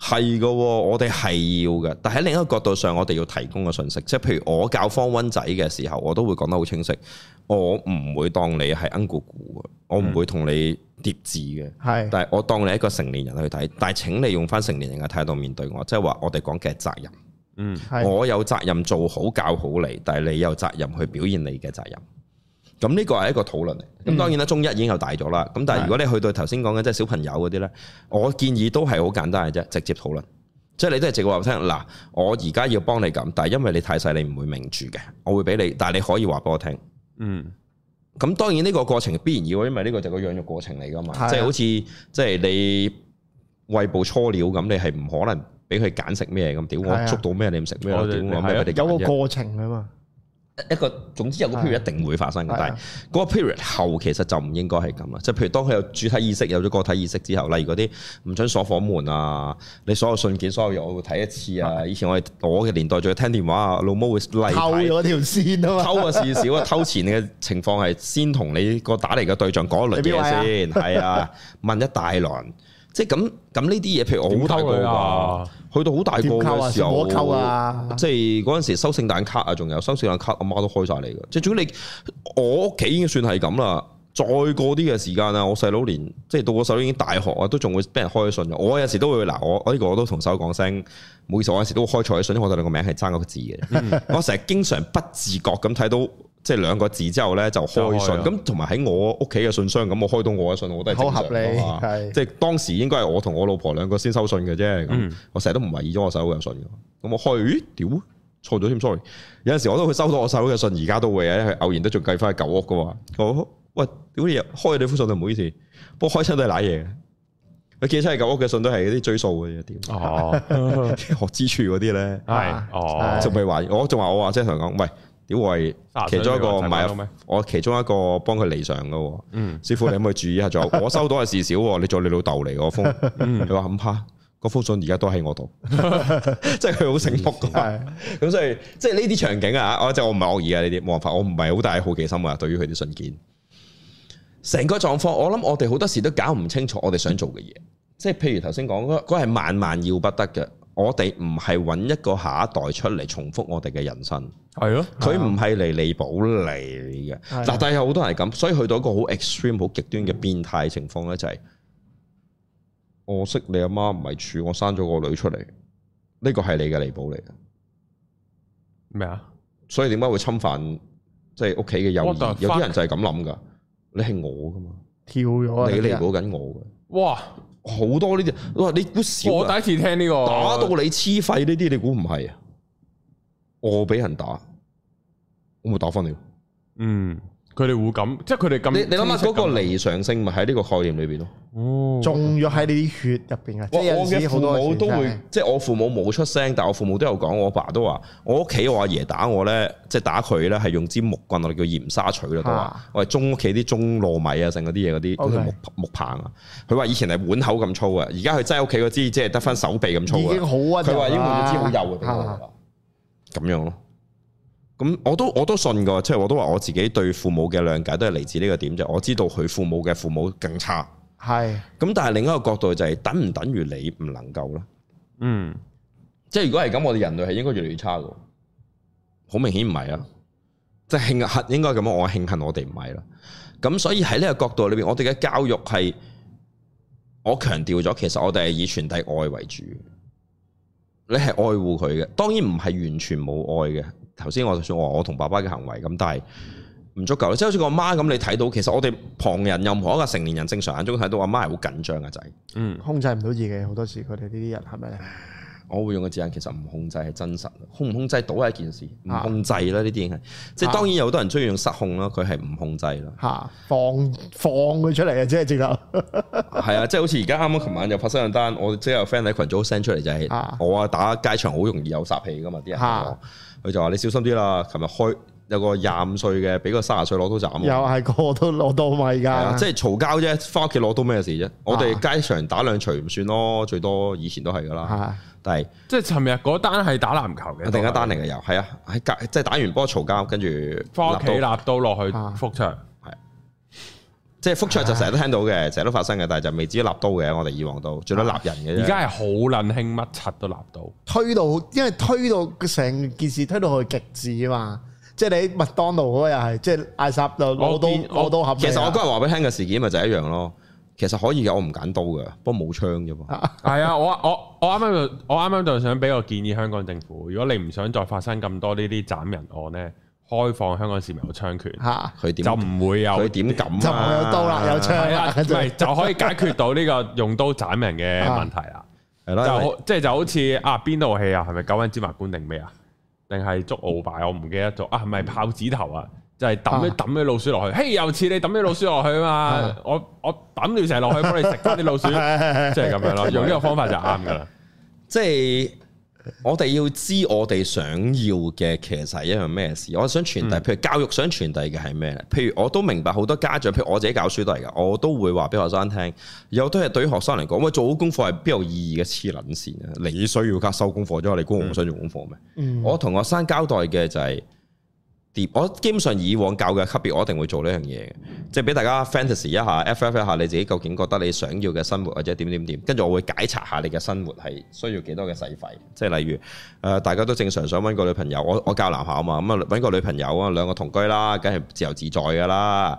係嘅、哦，我哋係要嘅。但喺另一個角度上，我哋要提供嘅信息，即係譬如我教方温仔嘅時候，我都會講得好清晰。我唔會當你係恩咕咕嘅，我唔會同你疊字嘅。係，嗯、但係我當你係一個成年人去睇，但係請你用翻成年人嘅態度面對我，即係話我哋講嘅係責任。嗯，我有責任做好教好你，但係你有責任去表現你嘅責任。咁呢個係一個討論。咁當然啦，中一已經又大咗啦。咁但係如果你去到頭先講嘅即係小朋友嗰啲呢，我建議都係好簡單嘅啫，直接討論。即係你都係直接話我聽。嗱，我而家要幫你咁，但係因為你太細，你唔會明住嘅。我會俾你，但係你可以話俾我聽。嗯。咁當然呢個過程必然要，因為呢個就個養育過程嚟噶嘛。即係好似即係你餵哺初乳咁，你係唔可能俾佢揀食咩咁。屌我捉到咩你唔食咩？我咩一定有個過程啊嘛。一個總之有個 period 一定會發生，的但係嗰個 period 後其實就唔應該係咁啦。即係譬如當佢有主體意識，有咗個體意識之後，例如嗰啲唔准鎖房門啊，你所有信件、所有嘢我會睇一次啊。以前我哋我嘅年代仲要聽電話啊，老母會嚟偷咗條線啊，偷嘅事少 啊，偷錢嘅情況係先同你個打嚟嘅對象講一輪嘢先，係啊，問一大輪。即咁咁呢啲嘢，譬如我好大個啊，去到好大個時候，啊，即係嗰陣時收聖誕卡啊，仲有收聖誕卡，阿媽都開晒嚟噶。即係總之，你我屋企已經算係咁啦，再過啲嘅時間啊，我細佬連即係到我細佬已經大學啊，都仲會俾人開信。我有時都會嗱，我呢個我都同細佬講聲，唔好意思，我有時都會開錯啲信，因為我哋兩個名係差一個字嘅。 我成日經常不自覺咁睇到。即係兩個字之後咧就開信，咁同埋喺我屋企嘅信箱咁，我開到我嘅信，我都係好合理，係即係當時應該係我同我老婆兩個先收信嘅啫。嗯，我成日都唔為意咗我細佬嘅信，咁我開屌錯咗添，sorry。有陣時我都會收到我細佬嘅信，而家都會啊，偶然都仲計翻舊屋噶嘛。我喂，屌你，開你封信就唔好意思。不過開親都係瀨嘢嘅，佢寄出嚟舊屋嘅信都係啲追數嘅嘢，點哦？ 學之處嗰啲咧係哦，仲未懷疑，我仲話我話即係同佢講喂。因我其中一個唔係，我是其中一個幫佢離場嘅。嗯、師傅，你可唔可以注意下？仲有 我收到係事少，你做你老豆嚟嗰封，嗯、你話唔怕？個、嗯、封信而家都喺我度，即係佢好醒目嘅。咁所以即係呢啲場景啊，我就我唔係惡意啊，呢啲冇辦法，我唔係好大好奇心啊。對於佢啲信件，成個狀況，我諗我哋好多時都搞唔清楚我哋想做嘅嘢，即係譬如頭先講嗰個，嗰係萬,萬萬要不得嘅。我哋唔係揾一個下一代出嚟重複我哋嘅人生，係咯的，佢唔係嚟彌補你嘅。嗱的，但係有好多人係咁，所以去到一個好 extreme、好極端嘅變態情況呢，就係、是、我識你阿媽唔係處，我生咗個女出嚟，呢個係你嘅彌補嚟嘅咩啊？麼所以點解會侵犯即係屋企嘅友誼？the 有啲人就係咁諗噶，你係我噶嘛？跳咗，你彌補緊我嘅哇！好多呢啲，哇！你估少？我第一次聽呢、這個打到你黐肺呢啲，你估唔係啊？我畀人打，我冇打翻你。嗯。佢哋會咁，即係佢哋咁。你你諗下嗰個離常性咪喺呢個概念裏邊咯？仲要喺你啲血入邊啊！多我係我嘅父母都會，即係我父母冇出聲，但我父母都有講。我爸都話：我屋企我阿爺，爺打我咧，即係打佢咧，係用支木棍我哋叫鹽沙錘啦，都話、啊：喂，中屋企啲中糯米啊，剩嗰啲嘢嗰啲木木棒啊。佢話以前係碗口咁粗啊，而家佢擠屋企嗰支即係得翻手臂咁粗，已好屈。佢話已經換咗支好幼嘅俾我。咁樣咯。咁我都我都信過，即係我都話我自己對父母嘅諒解都係嚟自呢個點就，我知道佢父母嘅父母更差。係，咁但係另一個角度就係等唔等於你唔能夠啦？嗯，即係如果係咁，我哋人類係應該越嚟越差噶，好明顯唔係啊！即係慶幸應該咁樣，我慶幸我哋唔係啦。咁所以喺呢個角度裏邊，我哋嘅教育係我強調咗，其實我哋係以傳遞愛為主。你係愛護佢嘅，當然唔係完全冇愛嘅。頭先我就算話我同爸爸嘅行為咁，但係唔足夠。即係好似個媽咁，你睇到其實我哋旁人任何一個成年人正常眼中睇到阿媽係好緊張個仔，嗯，控制唔到自己好多時，佢哋呢啲人係咪？我會用嘅字眼其實唔控制係真實，控唔控制到係一件事，唔控制啦呢啲係，即係當然有好多人中意用失控啦，佢係唔控制啦、啊，放放佢出嚟嘅啫，即係直頭，係 啊，即係好似而家啱啱琴晚又發生兩單，我即係有 friend 喺群組 send 出嚟就係、是，我啊打街場好容易有殺氣噶嘛啲人，佢、啊、就話你小心啲啦，琴日開有個廿五歲嘅俾個卅歲攞刀斬，又係個個都攞刀咪㗎，即係嘈交啫，翻屋企攞刀咩事啫？啊、我哋街場打兩錘唔算咯，最多以前都係㗎啦。但係，即係尋日嗰單係打籃球嘅，另一單嚟嘅又係啊，喺隔即係打完波嘈交，跟住立刀，立刀落去復場，係即係復場就成日都聽到嘅，成日都發生嘅，但係就未至於立刀嘅。我哋以往都最多立人嘅，而家係好撚興，乜柒都立刀，推到因為推到成件事推到去極致啊嘛！即係你麥當勞嗰個又係，即係嗌霎就攞刀攞刀合。其實我今日話俾你聽嘅事件咪就係一樣咯。其實可以嘅，我唔揀刀嘅，不過冇槍啫噃。係 啊，我我我啱啱就我啱啱就想俾個建議香港政府，如果你唔想再發生咁多呢啲斬人案咧，開放香港市民有槍權，嚇佢就唔會有佢點咁啊，就冇有刀啦，有槍啦，唔、 啊、就可以解決到呢個用刀斬人嘅問題啦。係咯哈，就即係就好似 啊邊套戲啊，係咪《九品芝麻官》定咩啊？定係《捉鰲拜》？我唔記得咗啊，係咪《豹子頭》啊？是就係抌一抌啲老鼠落去，嘿，又似你抌啲老鼠落去啊嘛！ 我我抌住成落去幫你食嗰啲老鼠，即係咁樣咯。用呢個方法就啱噶啦。即係我哋要知我哋想要嘅其實係一樣咩事。我想傳遞，嗯、譬如教育想傳遞嘅係咩咧？譬如我都明白好多家長，譬如我自己教書都係噶，我都會話俾學生聽。有都係對於學生嚟講，喂，做好功課係邊有意義嘅？黐撚線啊！你需要加收功課，因為你估我唔想做功課咩？嗯、我同學生交代嘅就係、是。Deep，我基本上以往教嘅級別，我一定會做呢樣嘢嘅，嗯、即係俾大家 fantasy 一下，ff 一下你自己究竟覺得你想要嘅生活或者點點點，跟住我會解察下你嘅生活係需要幾多嘅使費，即係例如誒、呃、大家都正常想揾個女朋友，我我教男校啊嘛，咁啊揾個女朋友啊，兩個同居啦，梗係自由自在噶啦，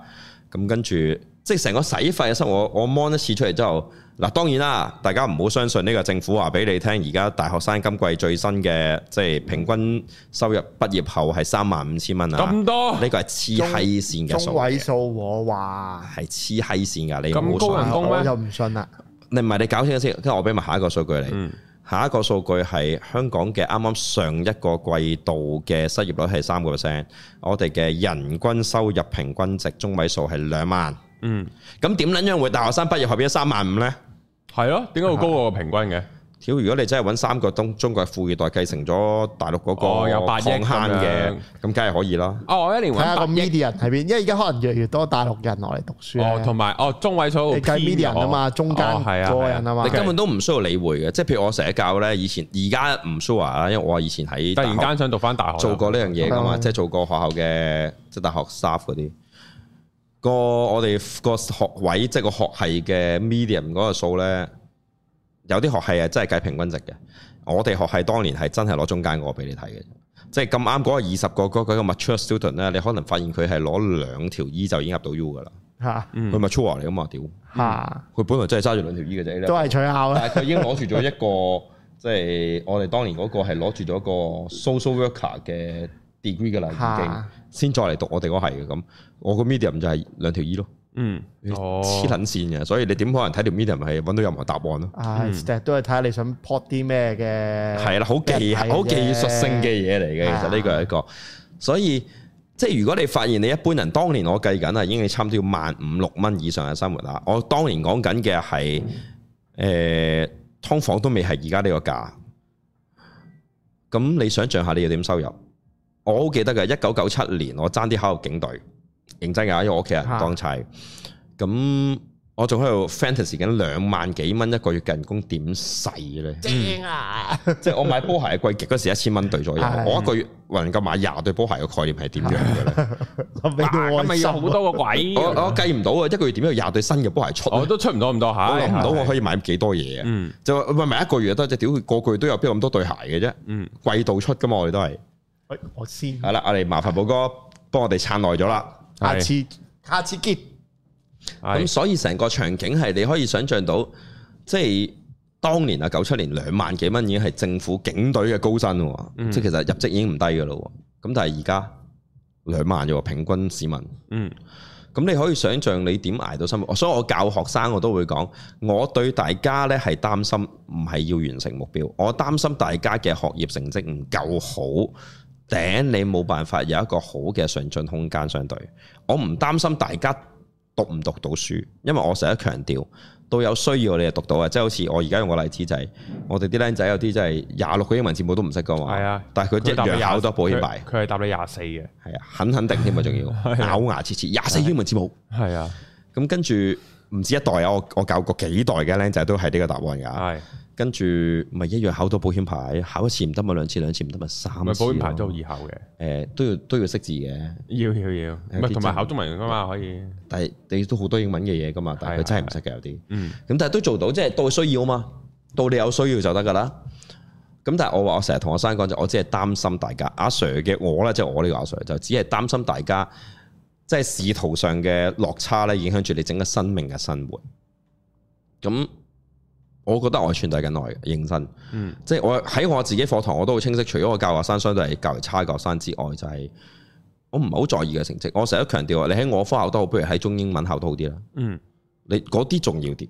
咁跟住。即係成個使費嘅生活，我掹一次出嚟之後嗱，當然啦，大家唔好相信呢個政府話俾你聽。而家大學生今季最新嘅即係平均收入畢業後係三萬五千蚊啊！咁多呢個係黐閪線嘅數，中位數，我話，係黐閪線噶，你咁高人工咩？又唔信啦？你唔係你搞清楚先，跟住我俾埋下一個數據嚟。嗯、下一個數據係香港嘅啱啱上一個季度嘅失業率係三個 percent，我哋嘅人均收入平均值中位數係兩萬。嗯，咁點捻樣會大學生畢業後變咗三萬五咧？係咯，點解會高過平均嘅？屌如果你真係揾三個中中國富二代繼承咗大陸嗰個，有八億嘅，咁梗係可以啦。哦，我一年揾八億，睇下個 median 喺邊，因為而家可能越嚟越多大陸人落嚟讀書哦，同埋哦，中位數計 median 人啊嘛，中間個人啊嘛，你根本都唔需要理會嘅。即係譬如我成日教咧，以前而家唔 sure 啦，因為我以前喺突然間想讀翻大學，做過呢樣嘢噶嘛，即係做過學校嘅即係大學 staff 啲。個我哋個學位即係個學系嘅 medium 嗰個數咧，有啲學系係真係計平均值嘅。我哋學系當年係真係攞中間個俾你睇嘅，即係咁啱嗰個二十個嗰、嗰個 mature student 咧，你可能發現佢係攞兩條 E 就已經入到 U 噶啦。嚇哈，佢 mature 嚟噶嘛？屌哈。嚇、嗯！佢本來真係揸住兩條 E 嘅啫。都係取巧。但佢已經攞住咗一個， 即係我哋當年嗰個係攞住咗個 social worker 嘅 degree 噶啦，已經哈。先再嚟讀我哋嗰係嘅咁，我個 medium 就係兩條衣咯，嗯，黐撚線嘅，哦、所以你點可能睇條 medium 係揾到任何答案咯？唉、啊，嗯、都係睇下你想 port 啲咩嘅，係啦，好技好技術性嘅嘢嚟嘅，啊、其實呢個係一個，所以即係如果你發現你一般人當年我計緊啊，已經差唔多要萬五六蚊以上嘅生活啦，我當年講緊嘅係誒劏房都未係而家呢個價，咁你想像下你要點收入？我好記得嘅，一九九七年我爭啲考入警隊，認真噶，因為我屋企人當差。咁我仲喺度 fantasy 緊兩萬幾蚊一個月嘅人工點使咧？正啊！即係我買波鞋貴極嗰時，一千蚊對左右，我一個月能夠買廿對波鞋嘅概念係點樣嘅咧？咁咪有好多個鬼？我我計唔到啊！一個月點樣廿對新嘅波鞋出？我都出唔到咁多鞋。我諗唔到我可以買幾多嘢啊！就喂，唔係一個月都，只屌，個個月都有邊咁多對鞋嘅啫。嗯，季度出噶嘛，我哋都係。我先係啦，我哋麻煩寶哥幫我哋撐耐咗啦，是下次下次見。咁是所以成個場景係你可以想象到，即係當年啊九七年兩萬幾蚊已經係政府警隊嘅高薪，嗯、即係其實入職已經唔低噶咯。咁但係而家兩萬啫，平均市民。嗯，咁你可以想象你點挨到生活。所以我教學生，我都會講，我對大家呢係擔心，唔係要完成目標，我擔心大家嘅學業成績唔夠好。頂，你冇辦法有一個好嘅上進空間，相對我唔擔心大家讀唔讀到書，因為我成日強調，都有需要你哋讀到啊！即係好似我而家用個例子就係，是，我哋啲僆仔有啲真係廿六個英文字母都唔識嘅嘛，係啊，但係佢一樣有好多保險牌，佢係答你廿四嘅，係啊，很肯定添啊，仲要咬牙切齒廿四英文字母，係啊，咁、啊、跟住。唔止一代啊！我我教過幾代嘅僆仔都係呢個答案㗎。係跟住咪一樣考到保險牌，考一次唔得咪兩次，兩次唔得咪三次。保險牌都易考嘅。誒、欸、都要都要識字嘅。要要要，唔係同埋考中文㗎嘛可以。但係你都好多英文嘅嘢㗎嘛，但係佢真係唔識嘅有啲些。嗯。咁但係都做到，即係到需要嘛，到你有需要就得㗎啦。咁但係我話我成日同學生講就，我只係擔心大家阿 Sir 嘅我咧，即、就、係、是、我呢個阿 Sir 就只係擔心大家。即係仕途上嘅落差咧，影響住你整個生命嘅生活。咁、嗯，我覺得我係存在緊嘅。認真，嗯，即係我喺我自己課堂我都好清晰。除咗我教學生，相對係教嚟差嘅學生之外，就係、是、我唔係好在意嘅成績。我成日都強調，你喺我科考都好，不如喺中英文考都好啲啦，嗯，你嗰啲重要啲，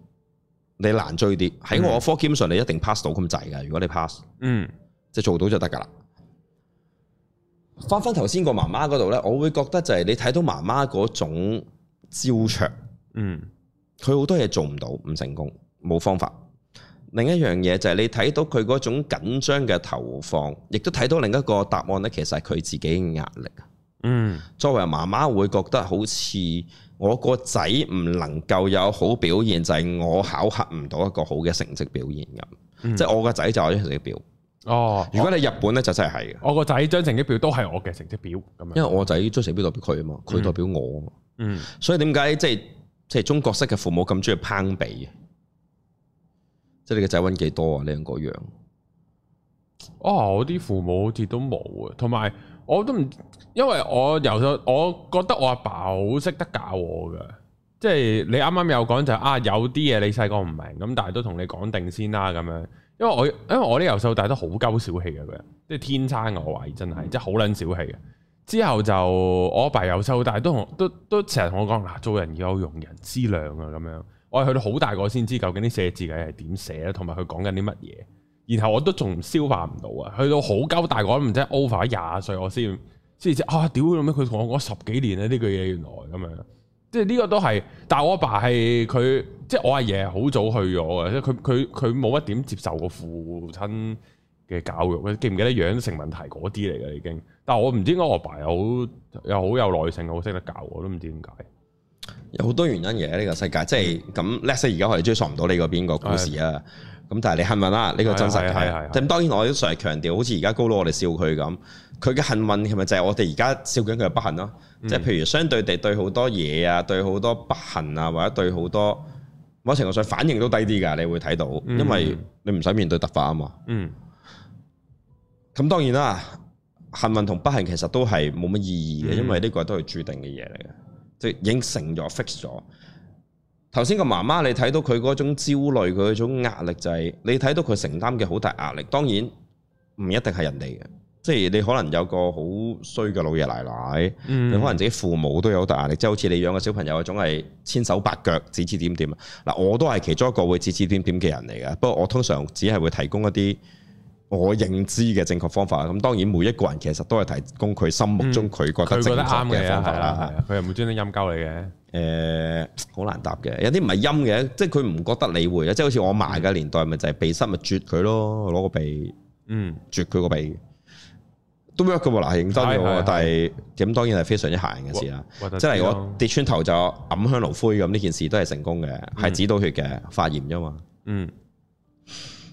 你難追啲。喺我科基本上你一定 pass 到咁滯嘅，如果你 pass，嗯，即係做到就得噶啦。翻翻頭先個媽媽嗰度呢，我會覺得就係你睇到媽媽嗰種焦灼，嗯，佢好多嘢做唔到，唔成功，冇方法。另一樣嘢就係你睇到佢嗰種緊張嘅投放，亦都睇到另一個答案呢，其實係佢自己嘅壓力。嗯，作為媽媽會覺得好似我個仔唔能夠有好表現，就係、是、我考核唔到一個好嘅成績表現咁，即係、嗯、我個仔就係我嘅成績表現。哦，如果你日本咧、哦、就真係係嘅。我個仔張成績表都係我嘅成績表咁樣，因為我仔張成績表代表佢啊嘛，佢代表我啊嘛。嗯，所以點解即係即係中國式嘅父母咁中意攀比嘅？即係你個仔溫幾多啊？呢樣嗰樣。哦，我啲父母好似都冇啊。同埋我都唔，因為我由我我覺得我阿爸好識得教我嘅。即係你啱啱有講就係啊，有啲嘢你細個唔明咁，但係都同你講定先啦咁樣。因為我因為我啲由細到大都好鳩小氣嘅佢，即係天生我懷疑真係，即係好撚小氣嘅。之後就我阿爸由細到大都同都都成日同我講嗱、啊，做人要有容人之量啊咁樣。我係去到好大個先知究竟啲寫字嘅係點寫咧，同埋佢講緊啲乜嘢。然後我都仲消化唔到啊，去到好鳩大個，唔知 over 廿歲我先先至啊，屌咁樣，佢同我講十幾年咧呢句嘢，原來咁樣樣，即係呢個都係。但係我阿爸係佢。即係我阿爺好早去咗嘅，即係佢佢佢冇乜點接受過父親嘅教育。記唔記得養成問題嗰啲嚟㗎已經？但係我唔知點解我阿爸又好又好有耐性，好識得教我都唔知點解。有好多原因嘅呢個世界，即係咁叻西而家我哋追索唔到你個邊個故事啊。咁的但係你幸運啦，呢的個真實嘅。咁當然我都成日強調，好似而家高佬我哋笑佢咁，佢嘅幸運係咪就係我哋而家笑緊佢嘅不幸咯？嗯、即係譬如相對地對好多嘢啊，對好多不幸啊，或者對好多。某程度上反應都低啲㗎，你會睇到，因為你唔使面對突發啊嘛。咁、嗯、當然啦，幸運同不幸其實都係冇乜意義嘅，因為呢個都係注定嘅嘢嚟嘅，嗯、即係已經成咗、fix 咗。頭先個媽媽你睇到佢嗰種焦慮，佢嗰種壓力就係、係、你睇到佢承擔嘅好大壓力。當然唔一定係人哋嘅。即係你可能有個好衰嘅老爺奶奶，你可能自己父母都有大壓力，即係好似你養個小朋友，總係千手八腳，指指點點啊！嗱，我都係其中一個會指指點點嘅人嚟嘅，不過我通常只係會提供一啲我認知嘅正確方法。咁當然每一個人其實都係提供佢心目中佢覺得正確嘅方法啦。佢係咪專登陰鳩你嘅？誒，好難答嘅，有啲唔係陰嘅，即係佢唔覺得你會啦。即係好似我嫲嘅年代，咪就係鼻塞咪啜佢咯，攞個鼻，嗯，啜佢個鼻。w 真是是是但係，咁當然係非常之嚇人嘅事啦。真係我跌穿頭就揞香爐灰咁，呢件事都係成功嘅，係止到血嘅發炎啫嘛。嗯，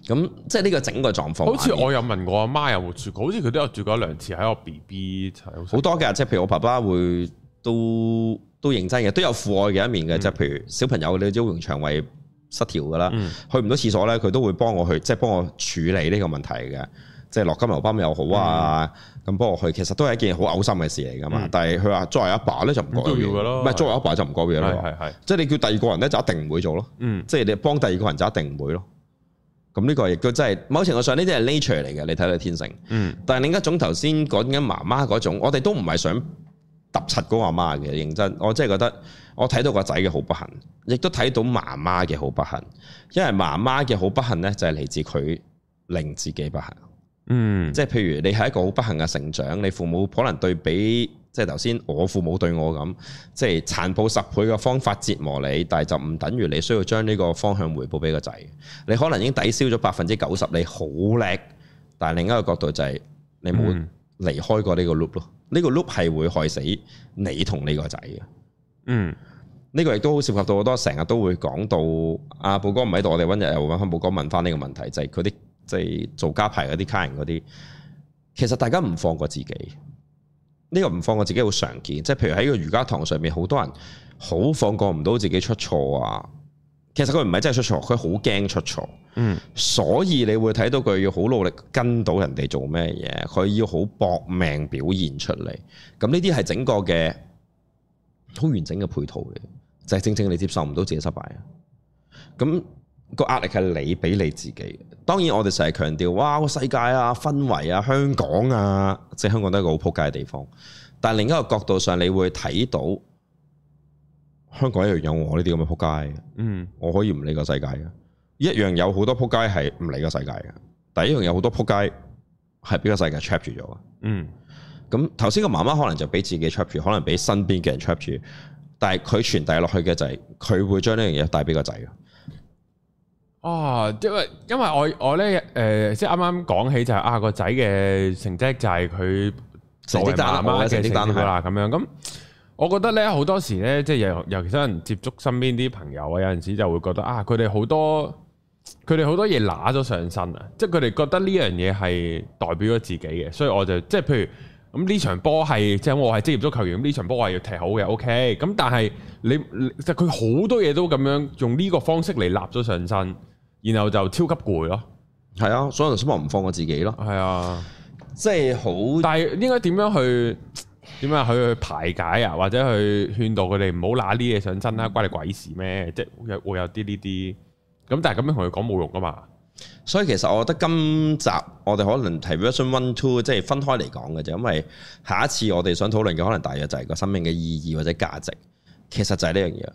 咁即係呢個整個狀況。好似我有問過我阿、啊、媽，媽有冇住過，好似佢都有住過一兩次喺我 B B，好多嘅。即係譬如我爸爸會都都認真嘅，都有父愛嘅一面嘅。即係譬如小朋友你都容腸胃失調噶啦，嗯、去唔到廁所咧，佢都會幫我去即係幫我處理呢個問題嘅，即係落金牛包又好啊。嗯咁幫我去，其實都係一件好嘔心嘅事嚟噶嘛。嗯、但係佢話作為阿爸咧就唔過癮，唔係、嗯、作為阿爸就唔過癮咯。係係即係你叫第二個人咧就一定唔會做咯。嗯，即係你幫第二個人就一定唔會咯。咁呢個亦都真係某程度上呢啲係 nature 嚟嘅，你睇到天性。嗯。但係另一種頭先講緊媽媽嗰種，我哋都唔係想揼柒嗰個阿媽嘅。認真，我真係覺得我睇到個仔嘅好不幸，亦都睇到媽媽嘅好不幸。因為媽媽嘅好不幸咧，就係嚟自佢令自己不幸。嗯，即係譬如你係一個好不幸嘅成長，你父母可能對比即係頭先我父母對我咁，即係殘暴十倍嘅方法折磨你，但係就唔等於你需要將呢個方向回報俾個仔。你可能已經抵消咗百分之九十，你好叻，但係另一個角度就係你冇離開過呢個 loop 咯。呢、嗯、個 loop 係會害死你同你個仔嘅。嗯，呢個亦都好涉及到好多，成日都會講到阿寶、啊、哥唔喺度，我哋揾日又揾翻寶哥問翻呢個問題，就係佢啲。即係做家排嗰啲客人嗰啲，其實大家唔放過自己，呢個唔放過自己好常見。即係譬如喺個瑜伽堂上面，好多人好放過唔到自己出錯啊。其實佢唔係真係出錯，佢好驚出錯。嗯，所以你會睇到佢要好努力跟到人哋做咩嘢，佢要好搏命表現出嚟。咁呢啲係整個嘅好完整嘅配套嚟，就係正正你接受唔到自己失敗啊。咁個壓力係你俾你自己。當然，我哋成日強調，哇世界啊、氛圍啊、香港啊，即係香港都係一個好扑街嘅地方。但係另一個角度上，你會睇到香港一樣有我呢啲咁嘅扑街。嗯，我可以唔理個世界嘅，一樣有好多扑街係唔理個世界嘅。但係一樣有好多扑街係俾個世界 trap 住咗。嗯，咁頭先個媽媽可能就俾自己 trap 住，可能俾身邊嘅人 trap 住，但係佢傳遞落去嘅就係、是、佢會將呢樣嘢帶俾個仔。啊、哦，因為因為我我咧誒、呃，即係啱啱講起就係、是、啊個仔嘅成績就係佢成績單啦，咁樣咁，我覺得咧好多時咧，即係尤其係人接觸身邊啲朋友啊，有陣時就會覺得啊，佢哋好多佢哋好多嘢揦咗上身啊，即係佢哋覺得呢樣嘢係代表咗自己嘅，所以我就即係譬如。咁呢場波係即係我係職業足球員，咁呢場波我係要踢好嘅，OK。咁但係你即佢好多嘢都咁樣用呢個方式嚟立咗上身，然後就超級攰咯。係啊，所以希望唔放過自己咯。係啊，即係好。但係應該點樣去點樣啊？去去排解啊，或者去勸導佢哋唔好拿呢嘢上身啦、啊，關你鬼事咩？即係會有啲呢啲。咁但係咁樣同佢講冇用㗎嘛。所以其實我覺得今集我哋可能係 version one two，即係分開嚟講嘅啫。因為下一次我哋想討論嘅可能大約就係個生命嘅意義或者價值，其實就係呢樣嘢。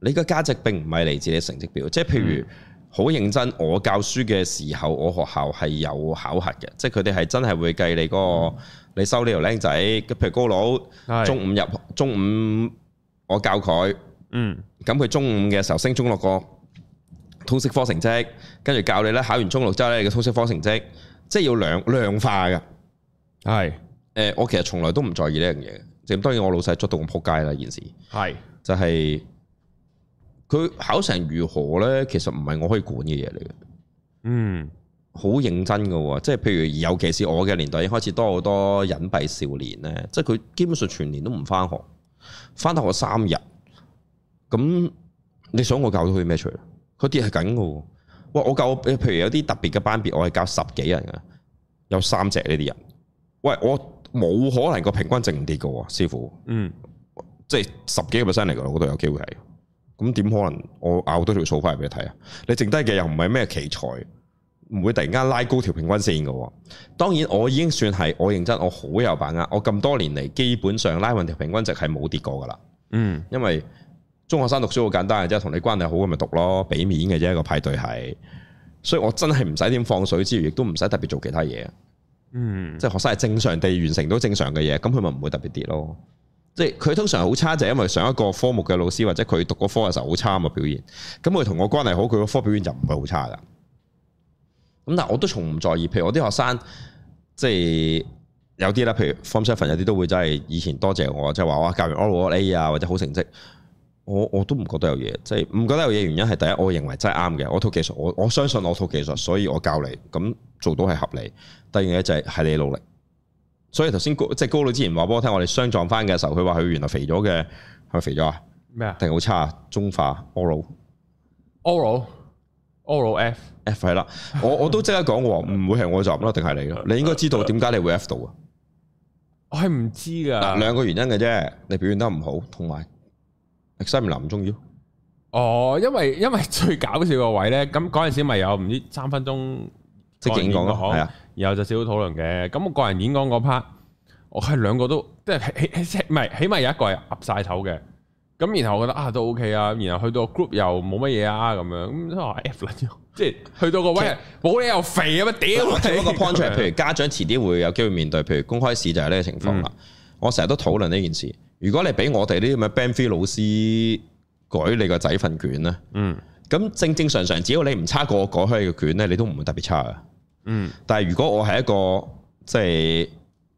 你個價值並唔係嚟自你成績表，即係譬如好認真我教書嘅時候，我學校係有考核嘅，即係佢哋係真係會計你嗰個你收呢條僆仔，譬如高佬中五入是中五我教佢，咁佢、嗯、中五嘅時候升中六個。通識科成績，跟住教你咧，考完中六之後咧你嘅通識科成績，即係要量量化嘅，係是，誒、呃，我其實從來都唔在意呢樣嘢，咁當然我老細捉到我撲街啦，件事是，係、就是，就係佢考成如何咧，其實唔係我可以管嘅嘢嚟嘅，嗯，好認真嘅，即係譬如尤其是我嘅年代，已經開始多好多隱蔽少年咧，即係佢基本上全年都唔翻學，翻到學三日，咁你想我教到佢咩出嚟？佢啲係咁嘅，喂！我教，譬如有啲特別嘅班別，我係教十幾人嘅，有三隻呢啲人，喂！我冇可能個平均值唔跌㗎喎，師傅，嗯，即係十幾個 percent 嚟嘅，我都有機會係，咁點可能？我拗多條數翻嚟俾你睇啊！你剩低嘅又唔係咩奇才，唔會突然間拉高條平均線嘅。當然，我已經算係我認真，我好有把握，我咁多年嚟，基本上拉勻條平均值係冇跌過噶啦，嗯，因為。中學生讀書好簡單嘅啫，同你關係好咁咪讀咯，俾面嘅啫一個派對係，所以我真係唔使點放水之，之餘亦都唔使特別做其他嘢。嗯，即係學生係正常地完成到正常嘅嘢，咁佢咪唔會特別跌咯。即係佢通常好差，就係、是、因為上一個科目嘅老師或者佢讀個科嘅時候好差嘅表現。咁佢同我關係好，佢個科表現就唔會好差噶。咁但係我都從唔在意，譬如我啲學生，即係有啲啦，譬如 Form Seven 有啲都會真係以前多謝我，即係話我教完 All A 啊或者好成績。我我都唔覺得有嘢，即係唔覺得有嘢。原因係第一，我認為真係啱嘅，我套技術，我我相信我套技術，所以我教你咁做到係合理。第二嘢就係、係、係你努力。所以頭先高即係高佬之前話俾我聽，我哋相撞翻嘅時候，佢話佢原來肥咗嘅，係咪肥咗啊？咩啊麼？定係好差？中化 Oral Oral Oral F F 係啦。我我都即刻講話，唔會係我做咯，定係你嘅？ 你應該知道點解你會 F 到啊？我係唔知㗎。兩個原因嘅啫，你表現得唔好同埋。x e 西門林唔中意，哦，因為因為最搞笑位個位咧，咁嗰陣時咪有唔知三分鐘即係演講咯，係啊，然後就少討論嘅，咁是的 個人演講嗰 part，我係兩個都即係起起唔係，起碼有一個係岌晒頭嘅，咁然後我覺得啊都 OK 啊，然後去到 group 又冇乜嘢啊咁樣，咁、啊、即係話 e f 即係去到個位冇理由肥啊嘛，屌做一個 point 譬如家長遲啲會有機會面對，譬如公開試就係呢個情況啦，嗯、我成日都討論呢件事。如果你俾我哋啲咁嘅 band 老師改你個仔份卷咧，嗯，咁正正常常，只要你唔差過我改開嘅卷咧，你都唔會特別差啊，嗯。但係如果我係一個即係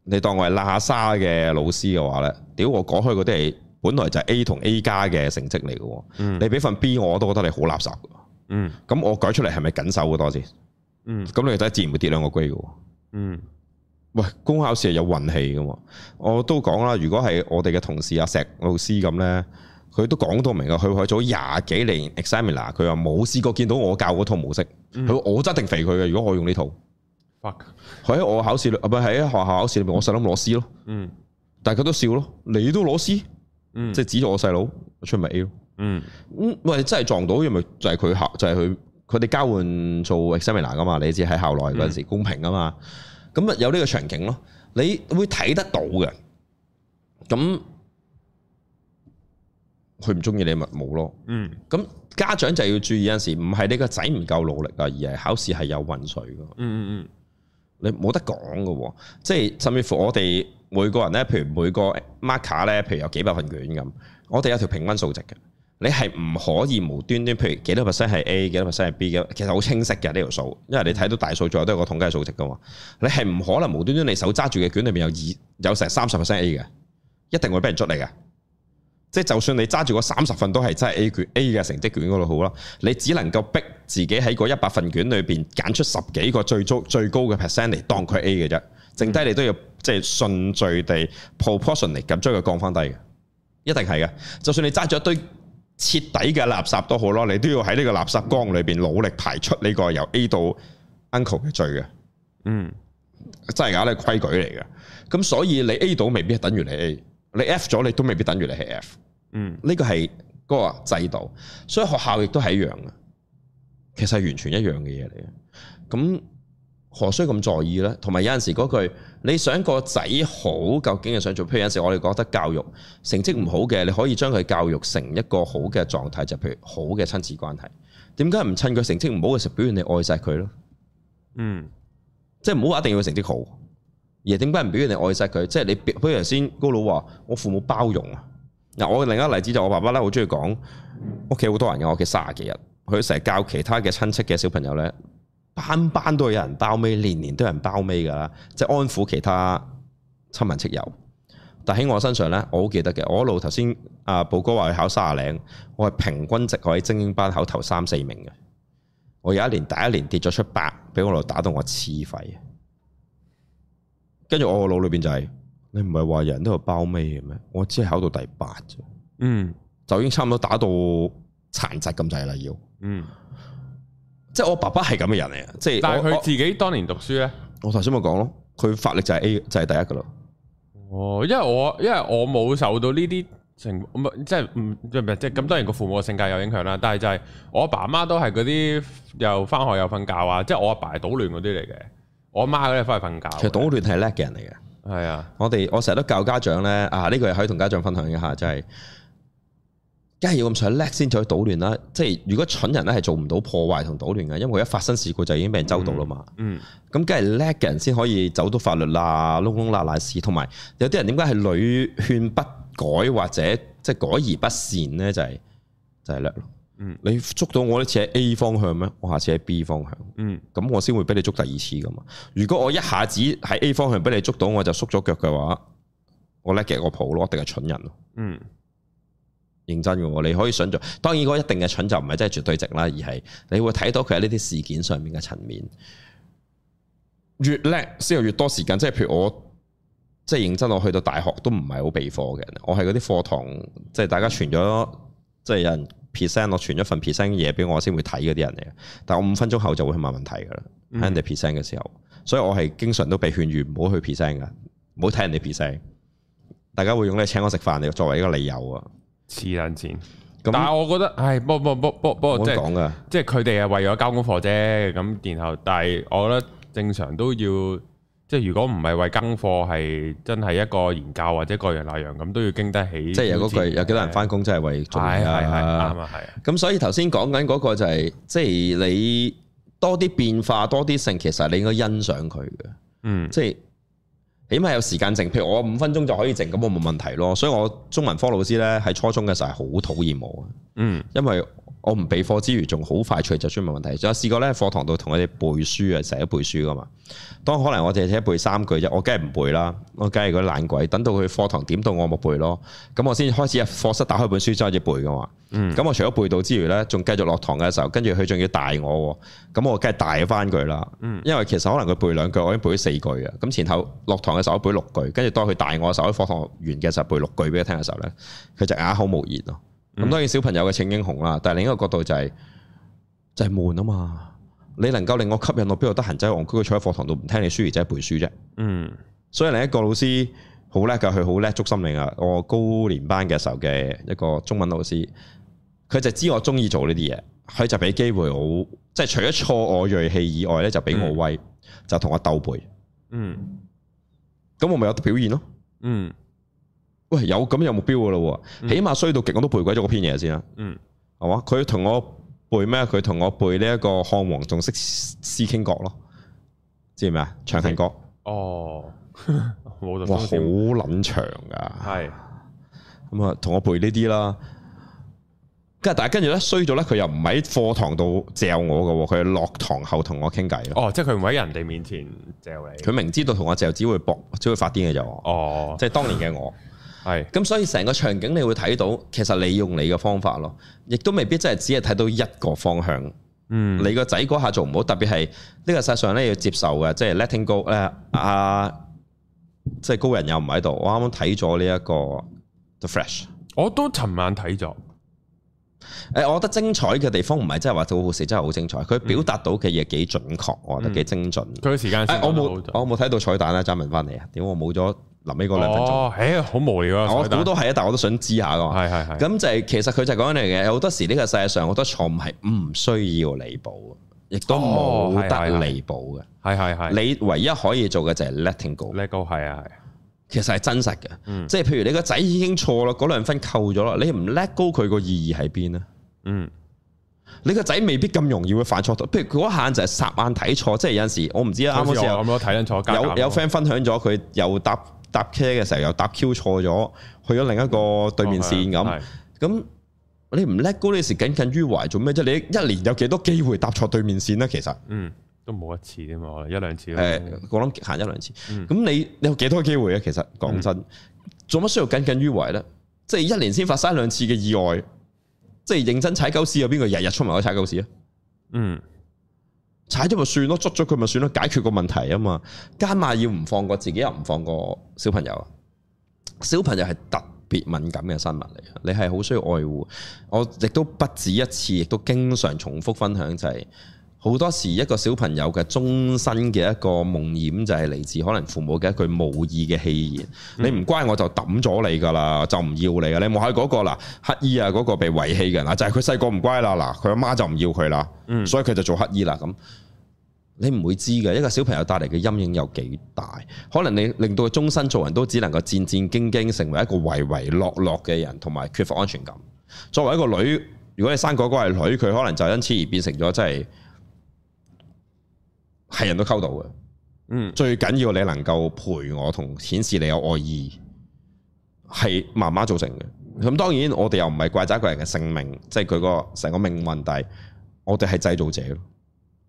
你當我係喇沙嘅老師嘅話咧，屌我改開嗰啲係本來就係 A 同 A 加嘅成績嚟嘅，嗯，你俾份 B 我都覺得你好垃圾嘅，嗯。咁我改出嚟係咪緊手好多先？嗯，咁你都自然會跌兩個龜嘅，嗯。喂，公考試係有運氣嘅喎，我都講啦。如果係我哋嘅同事阿石老師咁咧，佢都講到明嘅。佢去咗廿幾年 examiner，佢話冇試過見到我教嗰套模式。佢、嗯、我真定肥佢嘅。如果我用呢套 f 喺壞我考試啊，唔係喺學校考試裏面，我細佬攞 C 咯。嗯，大家都笑咯，你都攞 C，即係指咗我細佬出埋 A 咯。嗯，嗯嗯，喂，真係撞到，又咪就係佢學，就係佢佢哋交換做 examiner 噶嘛？你知喺校內嗰陣時公平噶嘛？咁咪有呢個場景咯，你會睇得到嘅。咁佢唔中意你咪冇咯。嗯。咁家長就要注意有陣時，唔係你個仔唔夠努力啊，而係考試係有運水嘅。嗯嗯嗯。你冇得講嘅喎，即係甚至乎我哋每個人咧，譬如每個 marker 咧，譬如有幾百份卷咁，我哋有條平均數值嘅。你係唔可以無端端，譬如幾多 percent 係 A，幾多 percent 係 B 嘅，其實好清晰嘅呢條數，因為你睇到大數在都有個統計數值嘅嘛。你係唔可能無端端你手揸住嘅卷裏面有二有成三十 percent A 嘅，一定會俾人捉你嘅。即係就算你揸住個三十份都係真係 A 卷 A 嘅成績卷嗰度好啦，你只能夠逼自己喺個一百份卷裏邊揀出十幾個最最高嘅 percent 嚟當佢 A 嘅啫，剩低你都要即係順序地 proportionally 咁將佢降翻低嘅，一定係嘅。就算你揸住一堆，徹底嘅垃圾都好咯，你都要喺呢個垃圾缸裏邊努力排出呢個由 A 到 Uncle 嘅罪嘅，嗯，真係噶你規矩嚟嘅，咁所以你 A 到未必係等於你 A，你 F 咗你都未必等於你係 F，嗯，呢個係嗰個制度，所以學校亦都係一樣嘅，其實係完全一樣嘅嘢嚟嘅，咁何須咁在意呢？同埋有陣時嗰句。你想個仔好，究竟係想做？譬如有時我哋覺得教育成績唔好嘅，你可以將佢教育成一個好嘅狀態，就譬如好嘅親子關係。點解唔趁佢成績唔好嘅時候表現你愛錫佢咯？嗯，即係唔好話一定要成績好，而係點解唔表現你愛錫佢？即係你譬如頭先高佬話，我父母包容啊。嗱，我嘅另一例子就我爸爸啦，好中意講屋企好多人㗎，我屋企卅幾人。佢成日教其他嘅親戚嘅小朋友咧。班班都有人包尾，年年都有人包尾㗎啦，即係安撫其他親朋戚友。但喺我身上咧，我好記得嘅。我一路頭先阿寶哥話佢考卅零，我係平均值，我喺精英班考頭三四名嘅。我有一年第一年跌咗出八，俾我老打到我痴肺。啊！跟住我個腦裏邊就係、是，你唔係話人都有包尾嘅咩？我只係考到第八啫，嗯，就已經差唔多打到殘疾咁滯啦要，嗯。即係我爸爸係咁嘅人嚟嘅，即係。但係佢自己當年讀書咧，我頭先咪講咯，佢法力就係 A，就係第一噶咯。哦，因為我因為我冇受到呢啲情唔即係唔即係咁，當然個父母嘅性格有影響啦。但係就係我阿爸阿媽都係嗰啲又翻學又瞓覺啊，即係我阿爸係搗亂嗰啲嚟嘅，我阿媽嗰啲翻去瞓覺。其實搗亂係叻嘅人嚟嘅。係啊，我哋我成日都教家長咧，啊呢個又可以同家長分享一下，就係。梗係要咁想叻先至可以搗亂啦，即係如果蠢人咧係做唔到破壞同搗亂嘅，因為一發生事故就已經俾人周到啦嘛。嗯，咁梗係叻嘅人先可以走到法律啦，窿窿拉拉屎。同埋有啲人點解係屢勸不改或者即係、就是、改而不善咧？就係、是、就係叻咯。嗯，mm. 你捉到我呢次喺 A 方向咩？我下次喺 B 方向。嗯，咁我先會俾你捉第二次噶嘛。如果我一下子喺 A 方向俾你捉到，我就縮咗腳嘅話，我叻嘅我抱咯，一定係蠢人咯。嗯。Mm. 認真嘅，你可以想像，當然嗰一定嘅蠢就唔係真係絕對值啦，而係你會睇到佢喺呢啲事件上面嘅層面越叻，先有越多時間。即係譬如我即係認真，我去到大學都唔係好備課嘅，我係嗰啲課堂即係大家傳咗，即係有人 present，我傳咗份 present 嘢畀我先會睇嗰啲人嚟。但我五分鐘後就會去問問題噶啦，嗯、人哋 present 嘅時候，所以我係經常都被勸喻唔好去 present 噶，唔好睇人哋 present。大家會用你請我食飯嚟作為一個理由啊。是但前，但係我覺得，唉，不不不不不，即係即係佢哋係為咗交功課啫，咁然後，但係我覺得正常都要，即係如果唔係為交功課，係真係一個研究或者各樣那樣咁，都要經得起。即係有嗰句，有幾多人翻工真係為做啊？係係啱啊係。咁所以頭先講緊嗰個就係，即係你多啲變化多啲性，其實你應該欣賞佢嘅。嗯，即係。起碼有時間靜，譬如我五分鐘就可以靜，咁我冇問題咯。所以我中文科老師咧喺初中嘅時候係好討厭我嘅，嗯，因為。我唔備課之餘，仲好快隨出就出問問題。仲有試過咧，課堂度同佢哋背書啊，成日背書噶嘛。當可能我淨係一背三句啫，我梗係唔背啦。我梗係嗰啲懶鬼。等到佢課堂點到我冇背咯，咁我先開始喺課室打開本書先開始背噶嘛。咁我除咗背到之餘咧，仲繼續落堂嘅時候，跟住佢仲要大我，咁我梗係大翻佢啦。因為其實可能佢背兩句，我已經背咗四句啊。咁前後落堂嘅時候我背六句，跟住當佢大我嘅時候，喺課堂完嘅時候背六句俾佢聽嘅時候咧，佢就啞口無言咯。咁、嗯、當然小朋友嘅請英雄啦，但係另一個角度就係、是、就係悶啊嘛，你能夠令我吸引到邊度得閒仔戇居佢坐喺課堂度唔聽你書而只係背書啫。嗯，所以另一個老師好叻㗎，佢好叻捉心靈啊。我高年班嘅時候嘅一個中文老師，佢就知我中意做呢啲嘢，佢就俾機會好，即、就、係、是、除咗挫我銳氣以外咧，就俾我威，嗯、就同我鬥背。嗯，咁我咪有得表現咯。嗯。喂，有咁有目標噶咯，起碼衰到極我都背鬼咗嗰篇嘢、嗯、先啦，嗯，係嘛？佢同我背咩？佢同我背呢一個漢王仲識詩傾國咯，知唔知咩？長恨歌哦，冇哇，好捻長噶，係咁啊，同、嗯、我背呢啲啦，跟住但係跟住咧衰咗咧，佢又唔喺課堂度嚼我噶，佢係落堂後同我傾偈，哦，即係佢唔喺人哋面前嚼你，佢、嗯、明知道同我嚼，只會搏，只會發癲嘅就，哦，即係當年嘅我。 係，咁所以成個場景你會睇到，其實你用你嘅方法咯，亦都未必真係只係睇到一個方向。嗯，你個仔嗰下做唔好，特別係呢個實際上咧要接受嘅，即係 letting go 咧，啊，即係高人又唔喺度。我啱啱睇咗呢一個 The Flash 我都尋晚睇咗。誒、哎，我覺得精彩嘅地方唔係即係話做好事真係好精彩，佢表達到嘅嘢，幾準確，嗯、我覺得幾精準。佢、嗯、時間、哎、我冇我冇睇到彩蛋啦，張文翻嚟啊，點我冇咗。臨尾嗰兩分鐘，誒，好無聊啊！我估都係啊，但我都想知下噶。係係係。咁就係其實佢就係講緊嚟嘅，好多時呢個世界上好多錯誤係唔需要彌補嘅，亦都冇得彌補嘅。係係係。你唯一可以做嘅就係 letting go。let go 係啊係。其實係真實嘅。即係譬如你個仔已經錯咯，嗰兩分扣咗咯，你唔 let go 佢個意義喺邊呢？嗯。你個仔未必咁容易會犯錯，譬如嗰下就係霎眼睇錯，即係有陣時我唔知啱嗰時有冇睇緊錯。有有 friend 分享咗佢又答。搭車嘅時候又搭 Q 錯咗，去咗另一個對面線咁。咁、哦、你唔叻嗰時耿耿於懷做咩啫？你一年有幾多機會搭錯對面線呢？其實，嗯，都冇一次啫嘛，一兩次，一次。誒，我諗行一兩次。咁、嗯、你，你有幾多機會啊？其實講真，做乜需要耿耿於懷咧？即、就、係、是、一年先發生兩次嘅意外，即、就、係、是、認真踩狗屎有邊個日日出埋去踩狗屎啊？嗯。踩咗咪算咯，捉咗佢咪算咯，解決個問題啊嘛！加埋要唔放過自己，又唔放過小朋友。小朋友係特別敏感嘅生物嚟，你係好需要愛護。我亦都不止一次，亦都經常重複分享就係、是，好多時一個小朋友嘅終身嘅一個夢魘就係嚟自可能父母嘅一句無意嘅戲言。嗯、你唔乖我就抌咗你噶啦，就唔要你啊！你望下嗰個嗱乞兒啊，嗰個被遺棄嘅人啊，就係佢細個唔乖啦，嗱佢阿媽就唔要佢啦，嗯、所以佢就做乞兒啦咁。你唔會知嘅，一個小朋友帶嚟嘅陰影有幾大，可能你令到佢終身做人都只能夠戰戰兢兢，成為一個唯唯諾諾嘅人，同埋缺乏安全感。作為一個女，如果你生嗰個係女，佢可能就因此而變成咗，真係係人都溝到嘅。嗯，最緊要你能夠陪我同顯示你有愛意，係媽媽造成嘅。咁當然我哋又唔係怪責一個人嘅性命，即係佢個成個命運，但係我哋係製造者。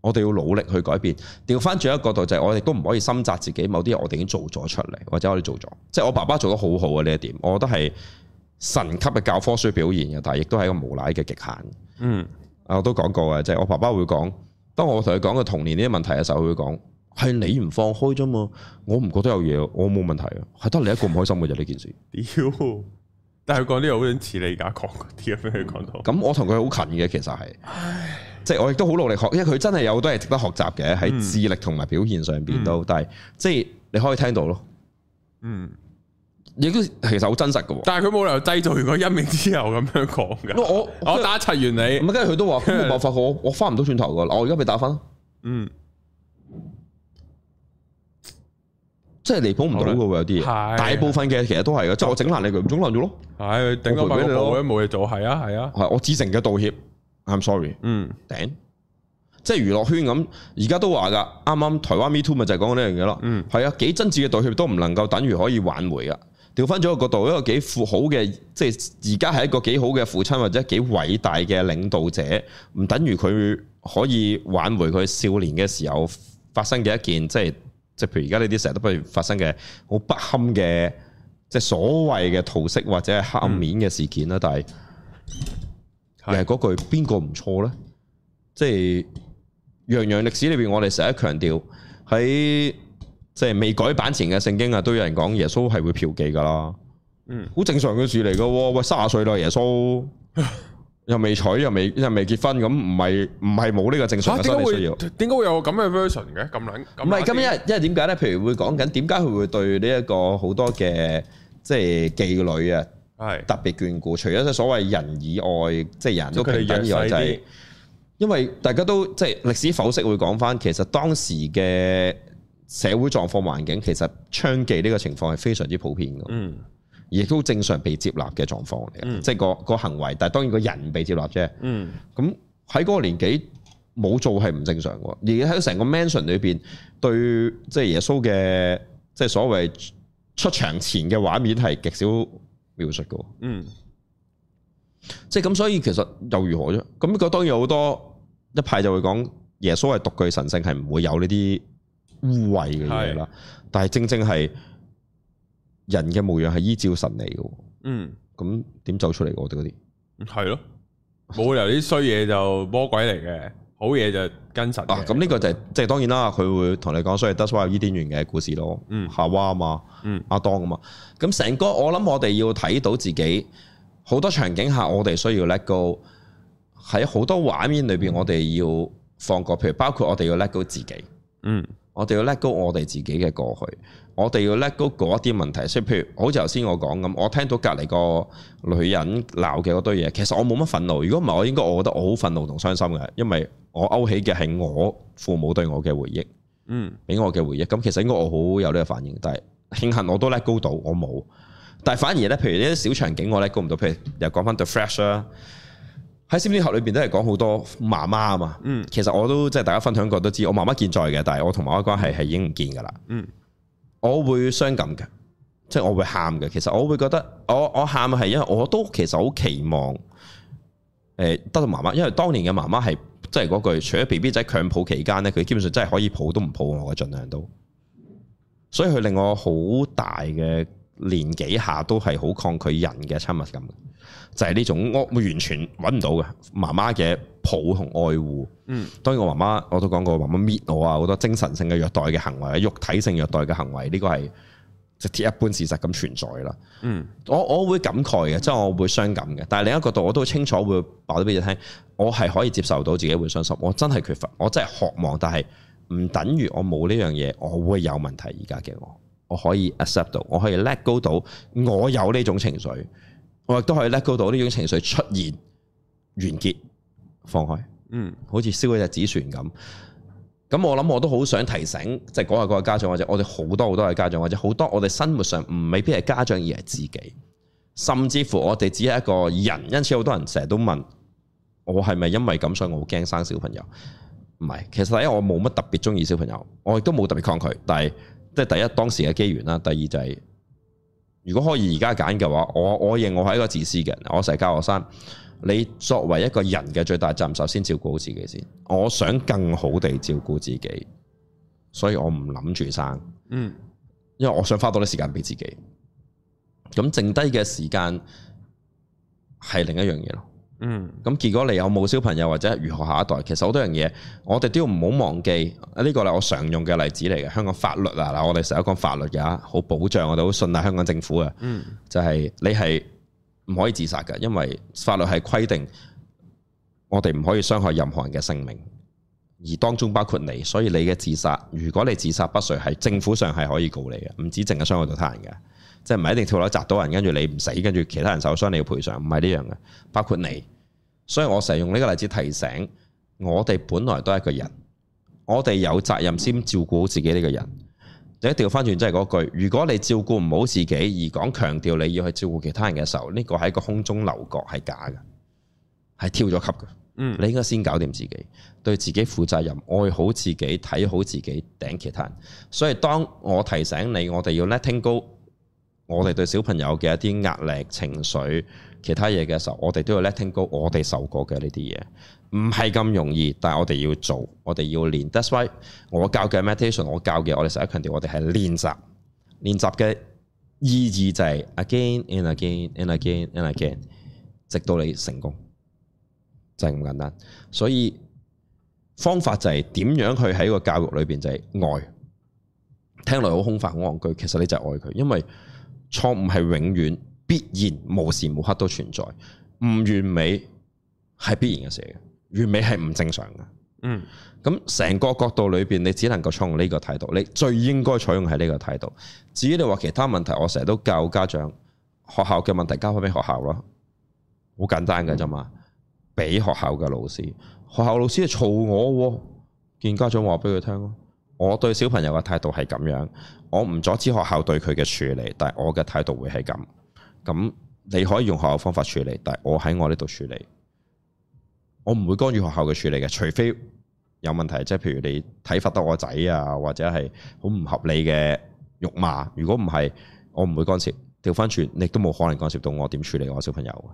我哋要努力去改變，調翻轉一個角度就係我哋都唔可以深責自己。某啲嘢我哋已經做咗出嚟，或者我哋做咗，即係我爸爸做得好好嘅呢一點，我覺得係神級嘅教科書表現嘅，但係亦都係一個無賴嘅極限。嗯，啊我都講過啊，即係我爸爸會講，當我同佢講嘅童年呢啲問題嘅時候，佢會講係你唔放開啫嘛，我唔覺得有嘢，我冇問題啊，係得你一個唔開心嘅就呢件事。屌， 但係佢講呢嘢好似，你而家講啲嘢俾佢講到，咁我同佢好近嘅，其實係。即係我亦都好努力學，因為佢真係有好多嘢值得學習嘅，喺智力同埋表現上邊都。但係即係你可以聽到咯，嗯，亦都其實好真實噶。但係佢冇理由製造完個陰影之後咁樣講噶。我我打齊完你，跟住佢都話。咁我發覺我我翻唔到轉頭噶嗱，我而家被打翻，嗯，即係離譜唔到噶喎，有啲大部分嘅其實都係即係我整爛你，佢唔中爛咗咯。係頂多冇冇冇嘢做。係啊係啊，係我致誠嘅道歉。I'm sorry。嗯，頂，即係娛樂圈咁，而家都話噶，啱啱台灣 Me Too 咪就係講呢樣嘢咯。嗯，係啊，幾真摯嘅道歉都唔能夠等於可以挽回噶。調翻咗個角度，一個幾富好嘅，即係而家係一個幾好嘅父親或者幾偉大嘅領導者，唔等於佢可以挽回佢少年嘅時候發生嘅一件，即係即係譬如而家呢啲成日都不如發生嘅好不堪嘅，即係所謂嘅桃色或者係黑暗面嘅事件啦，嗯、但係。係嗰句邊個唔錯咧？即係樣樣歷史裏邊，我哋成日強調喺即係未改版前嘅聖經啊，都有人講耶穌係會嫖妓噶啦，嗯，好正常嘅事嚟噶。喂，卅歲啦，耶穌唉又未娶又未又未結婚，咁唔係唔係冇呢個正常嘅生活需要？點解、啊、會，點解會有咁嘅 version 嘅咁捻？係咁，因為因為點解咧？譬如會講緊點解佢會對呢一個好多嘅即係妓女啊？係特別眷顧，除咗所謂人以外，即係人都平等以外，就是，就係因為大家都即係歷史剖析會講返，其實當時嘅社會狀況環境，其實娼妓呢個情況係非常之普遍嘅，嗯，亦都正常被接納嘅狀況嚟，嗯，即係個個行為，但係當然個人唔被接納啫，嗯，咁喺嗰個年紀冇做係唔正常嘅，而喺成個 mansion 裏邊對即係耶穌嘅即係所謂出場前嘅畫面係極少。描述嘅，嗯，即係咁，所以其實又如何啫？咁個當然有好多一派就會講耶穌係獨具神聖，係唔會有呢啲污穢嘅嘢啦。是但係正正係人嘅模樣係依照神嚟嘅，嗯，咁點走出嚟？我哋嗰啲係咯，冇理由啲衰嘢就魔鬼嚟嘅。好嘢就跟實啊！咁呢個就係，即係當然啦，佢會同你講，所以 Thus Why 伊甸園嘅故事咯，嗯、夏娃啊嘛，嗯、阿當啊嘛，咁成個我諗，我哋要睇到自己好多場景下，我哋需要 let go 喺好多畫面裏邊，我哋要放過，譬如包括我哋要 let go 自己，嗯。我哋要 let go 我哋自己嘅過去，我哋要 let go 嗰一啲問題，所以譬如好似頭先我講咁，我聽到隔離個女人鬧嘅嗰堆嘢，其實我冇乜憤怒，如果唔係我應該我覺得我好憤怒同傷心嘅，因為我勾起嘅係我父母對我嘅回憶，嗯，俾我嘅回憶，咁其實應該我好有呢個反應，但係慶幸我都 let go 到，我冇，但係反而咧，譬如呢啲小場景我 let go 唔到，譬如又講翻 The Fresh 啊。喺心理學裏邊都係講好多媽媽啊嘛，嗯，其實我都即係大家分享過都知，我媽媽健在嘅，但係我同媽媽關係係已經唔見噶啦，嗯，我會傷感嘅，即係我會喊嘅，其實我會覺得，我我喊係因為我都其實好期望，誒、呃、得到媽媽，因為當年嘅媽媽係即係嗰句，除咗 B B 仔強抱期間咧，佢基本上真係可以抱都唔抱我嘅，盡量都，所以佢令我好大嘅年紀下都係好抗拒人嘅親密感。就係呢種我完全揾唔到嘅媽媽嘅抱同愛護。嗯，當然我媽媽我都講過媽媽搣我啊，好多精神性嘅虐待嘅行為，喺肉體性虐待嘅行為，呢個係鐵一般事實咁存在啦。嗯，我我會感慨嘅，即係我會傷感嘅。但係另一個角度，我都清楚會爆咗俾你聽，我係可以接受到自己會傷心，我真係缺乏，我真係渴望，但係唔等於我冇呢樣嘢，我會有問題。而家嘅我，我可以 accept 到，我可以 let go 到，我有呢種情緒。我亦都可以叻嗰到呢種情緒出現、完結、放開，嗯，好似燒一隻紙船咁。咁我諗我都好想提醒，即係嗰個嗰個家長，或者我哋好多好多嘅家長，或者好多我哋生活上唔未必係家長而係自己，甚至乎我哋只係一個人。因此，好多人成日都問我係咪因為咁，所以我好驚生小朋友。唔係，其實第一我冇乜特別中意小朋友，我亦都冇特別抗拒。但係即係第一當時嘅機緣啦，第二就係、是。如果可以而家揀嘅話，我我認我係一個自私嘅人。我成日教學生，你作為一個人嘅最大責任，首先照顧好自己先。我想更好地照顧自己，所以我唔諗住生。嗯，因為我想花多啲時間俾自己，咁剩低嘅時間係另一樣嘢。嗯，咁結果你有冇小朋友或者如何下一代？其實好多樣嘢，我哋都要唔好忘記。呢個係我常用嘅例子嚟嘅，香港法律啊，嗱，我哋成日講法律㗎，好保障，我哋好信賴香港政府啊。嗯，就係你係唔可以自殺嘅，因為法律係規定我哋唔可以傷害任何人嘅性命，而當中包括你。所以你嘅自殺，如果你自殺不遂，係政府上係可以告你嘅，唔止淨係傷害到他人嘅。即係唔係一定跳樓砸到人，跟住你唔死，跟住其他人受傷你要賠償，唔係呢樣嘅，包括你。所以我成日用呢個例子提醒我哋，本來都係一個人，我哋有責任先照顧好自己呢個人。你一調返轉，即係嗰句，如果你照顧唔好自己，而講強調你要去照顧其他人嘅時候，呢個係一個空中樓閣，係假嘅，係跳咗級嘅。嗯，你應該先搞掂自己，對自己負責任，愛好自己，睇好自己，頂其他人。所以當我提醒你，我哋要 letting go。我哋對小朋友嘅一啲壓力、情緒、其他嘢嘅時候，我哋都要 letting go。我哋受過嘅呢啲嘢唔係咁容易，但係我哋要做，我哋要練。That's why 我教嘅 meditation，我教嘅我哋成日強調，我哋係練習。練習嘅意義就係 again, again and again and again and again，直到你成功就係咁簡單。所以方法就係點樣去喺個教育裏邊就係愛。聽落好空泛好戇居，其實你就愛佢，因為。錯誤係永遠必然，無時無刻都存在。唔完美係必然嘅事，完美係唔正常嘅。嗯，咁成個角度裏邊，你只能夠採用呢個態度，你最應該採用係呢個態度。至於你話其他問題，我成日都教家長，學校嘅問題交翻俾學校咯，好簡單㗎啫嘛，俾學校嘅老師。學校老師嘈我，見家長話俾佢聽咯，我對小朋友嘅態度係咁樣。我唔阻止學校對佢嘅處理，但係我嘅態度會係咁。咁你可以用學校方法處理，但係我喺我呢度處理，我唔會干預學校嘅處理嘅。除非有問題，即係譬如你體罰得我仔啊，或者係好唔合理嘅辱罵。如果唔係，我唔會干涉。調翻轉，你都冇可能干涉到我點處理我小朋友。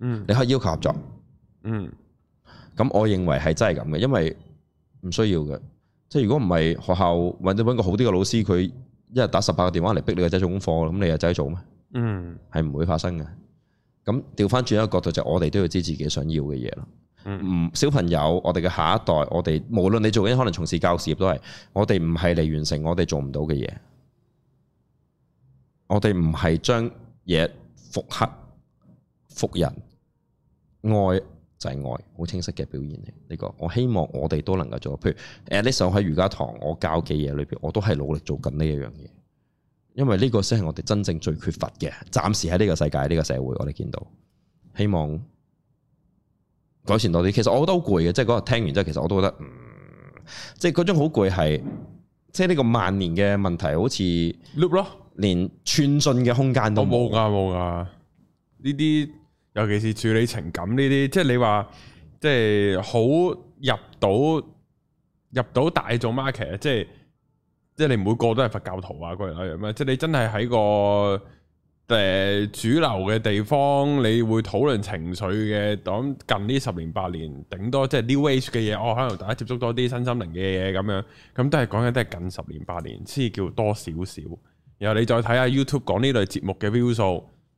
嗯，你可以要求合作。嗯，咁我認為係真係咁嘅，因為唔需要嘅。即係如果唔係學校或者揾個好啲嘅老師，佢一日打十八個電話嚟逼你個仔做功課，咁你個仔做咩？嗯，係唔會發生嘅。咁調翻轉一個角度，就係我哋都要知自己想要嘅嘢咯。嗯，小朋友，我哋嘅下一代，我哋無論你做緊可能從事教事業都係，我哋唔係嚟完成我哋做唔到嘅嘢，我哋唔係將嘢複刻、複人、愛。世外好清晰嘅表現嚟，呢個我希望我哋都能夠做到。譬如誒，呢首喺瑜伽堂我教嘅嘢裏邊，我都係努力做緊呢一樣嘢，因為呢個先係我哋真正最缺乏嘅。暫時喺呢個世界，呢個社會，我哋見到希望改善多啲。其實我都好攰嘅，即係嗰日聽完之後，其實我都覺得，嗯，即係嗰種好攰，係即係呢個萬年嘅問題，好似 loop 咯，連寸進嘅空間都冇噶，冇噶呢啲。尤其是處理情感呢啲，即係你話，即係好入到入到大眾 market，即係即係你每個都係佛教徒啊嗰類咁啊，即係你真係喺個誒、呃、主流嘅地方，你會討論情緒嘅。當近呢十年八年，頂多即係 New Age 嘅嘢，我、哦、可能大家接觸多啲新心靈嘅嘢咁樣，咁都係講緊都係近十年八年，先至叫多少少。然後你再睇下 YouTube 講呢類節目嘅 view 數。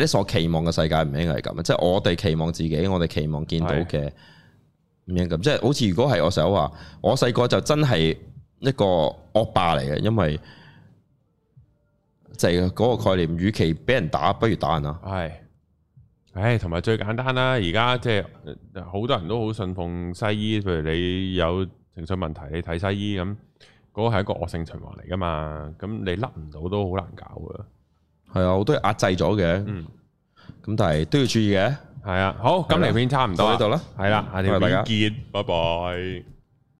你所期望嘅世界唔應該係咁啊！即係我哋期望自己，我哋期望見到嘅唔是的 應該咁。即係好似如果係我成日話，我細個就真係一個惡霸嚟嘅，因為就係嗰個概念，與其俾人打，不如打人啊！係，唉，同埋最簡單啦，而家即係好多人都好信奉西醫，譬如你有情緒問題，你睇西醫咁，嗰個係一個惡性循環嚟噶嘛。咁你甩唔到都好難搞嘅。係啊，我都係壓制咗嘅，咁、嗯、但係都要注意嘅。係啊，好，今日片差唔多呢度啦，係啦了，了下次再家見，拜拜。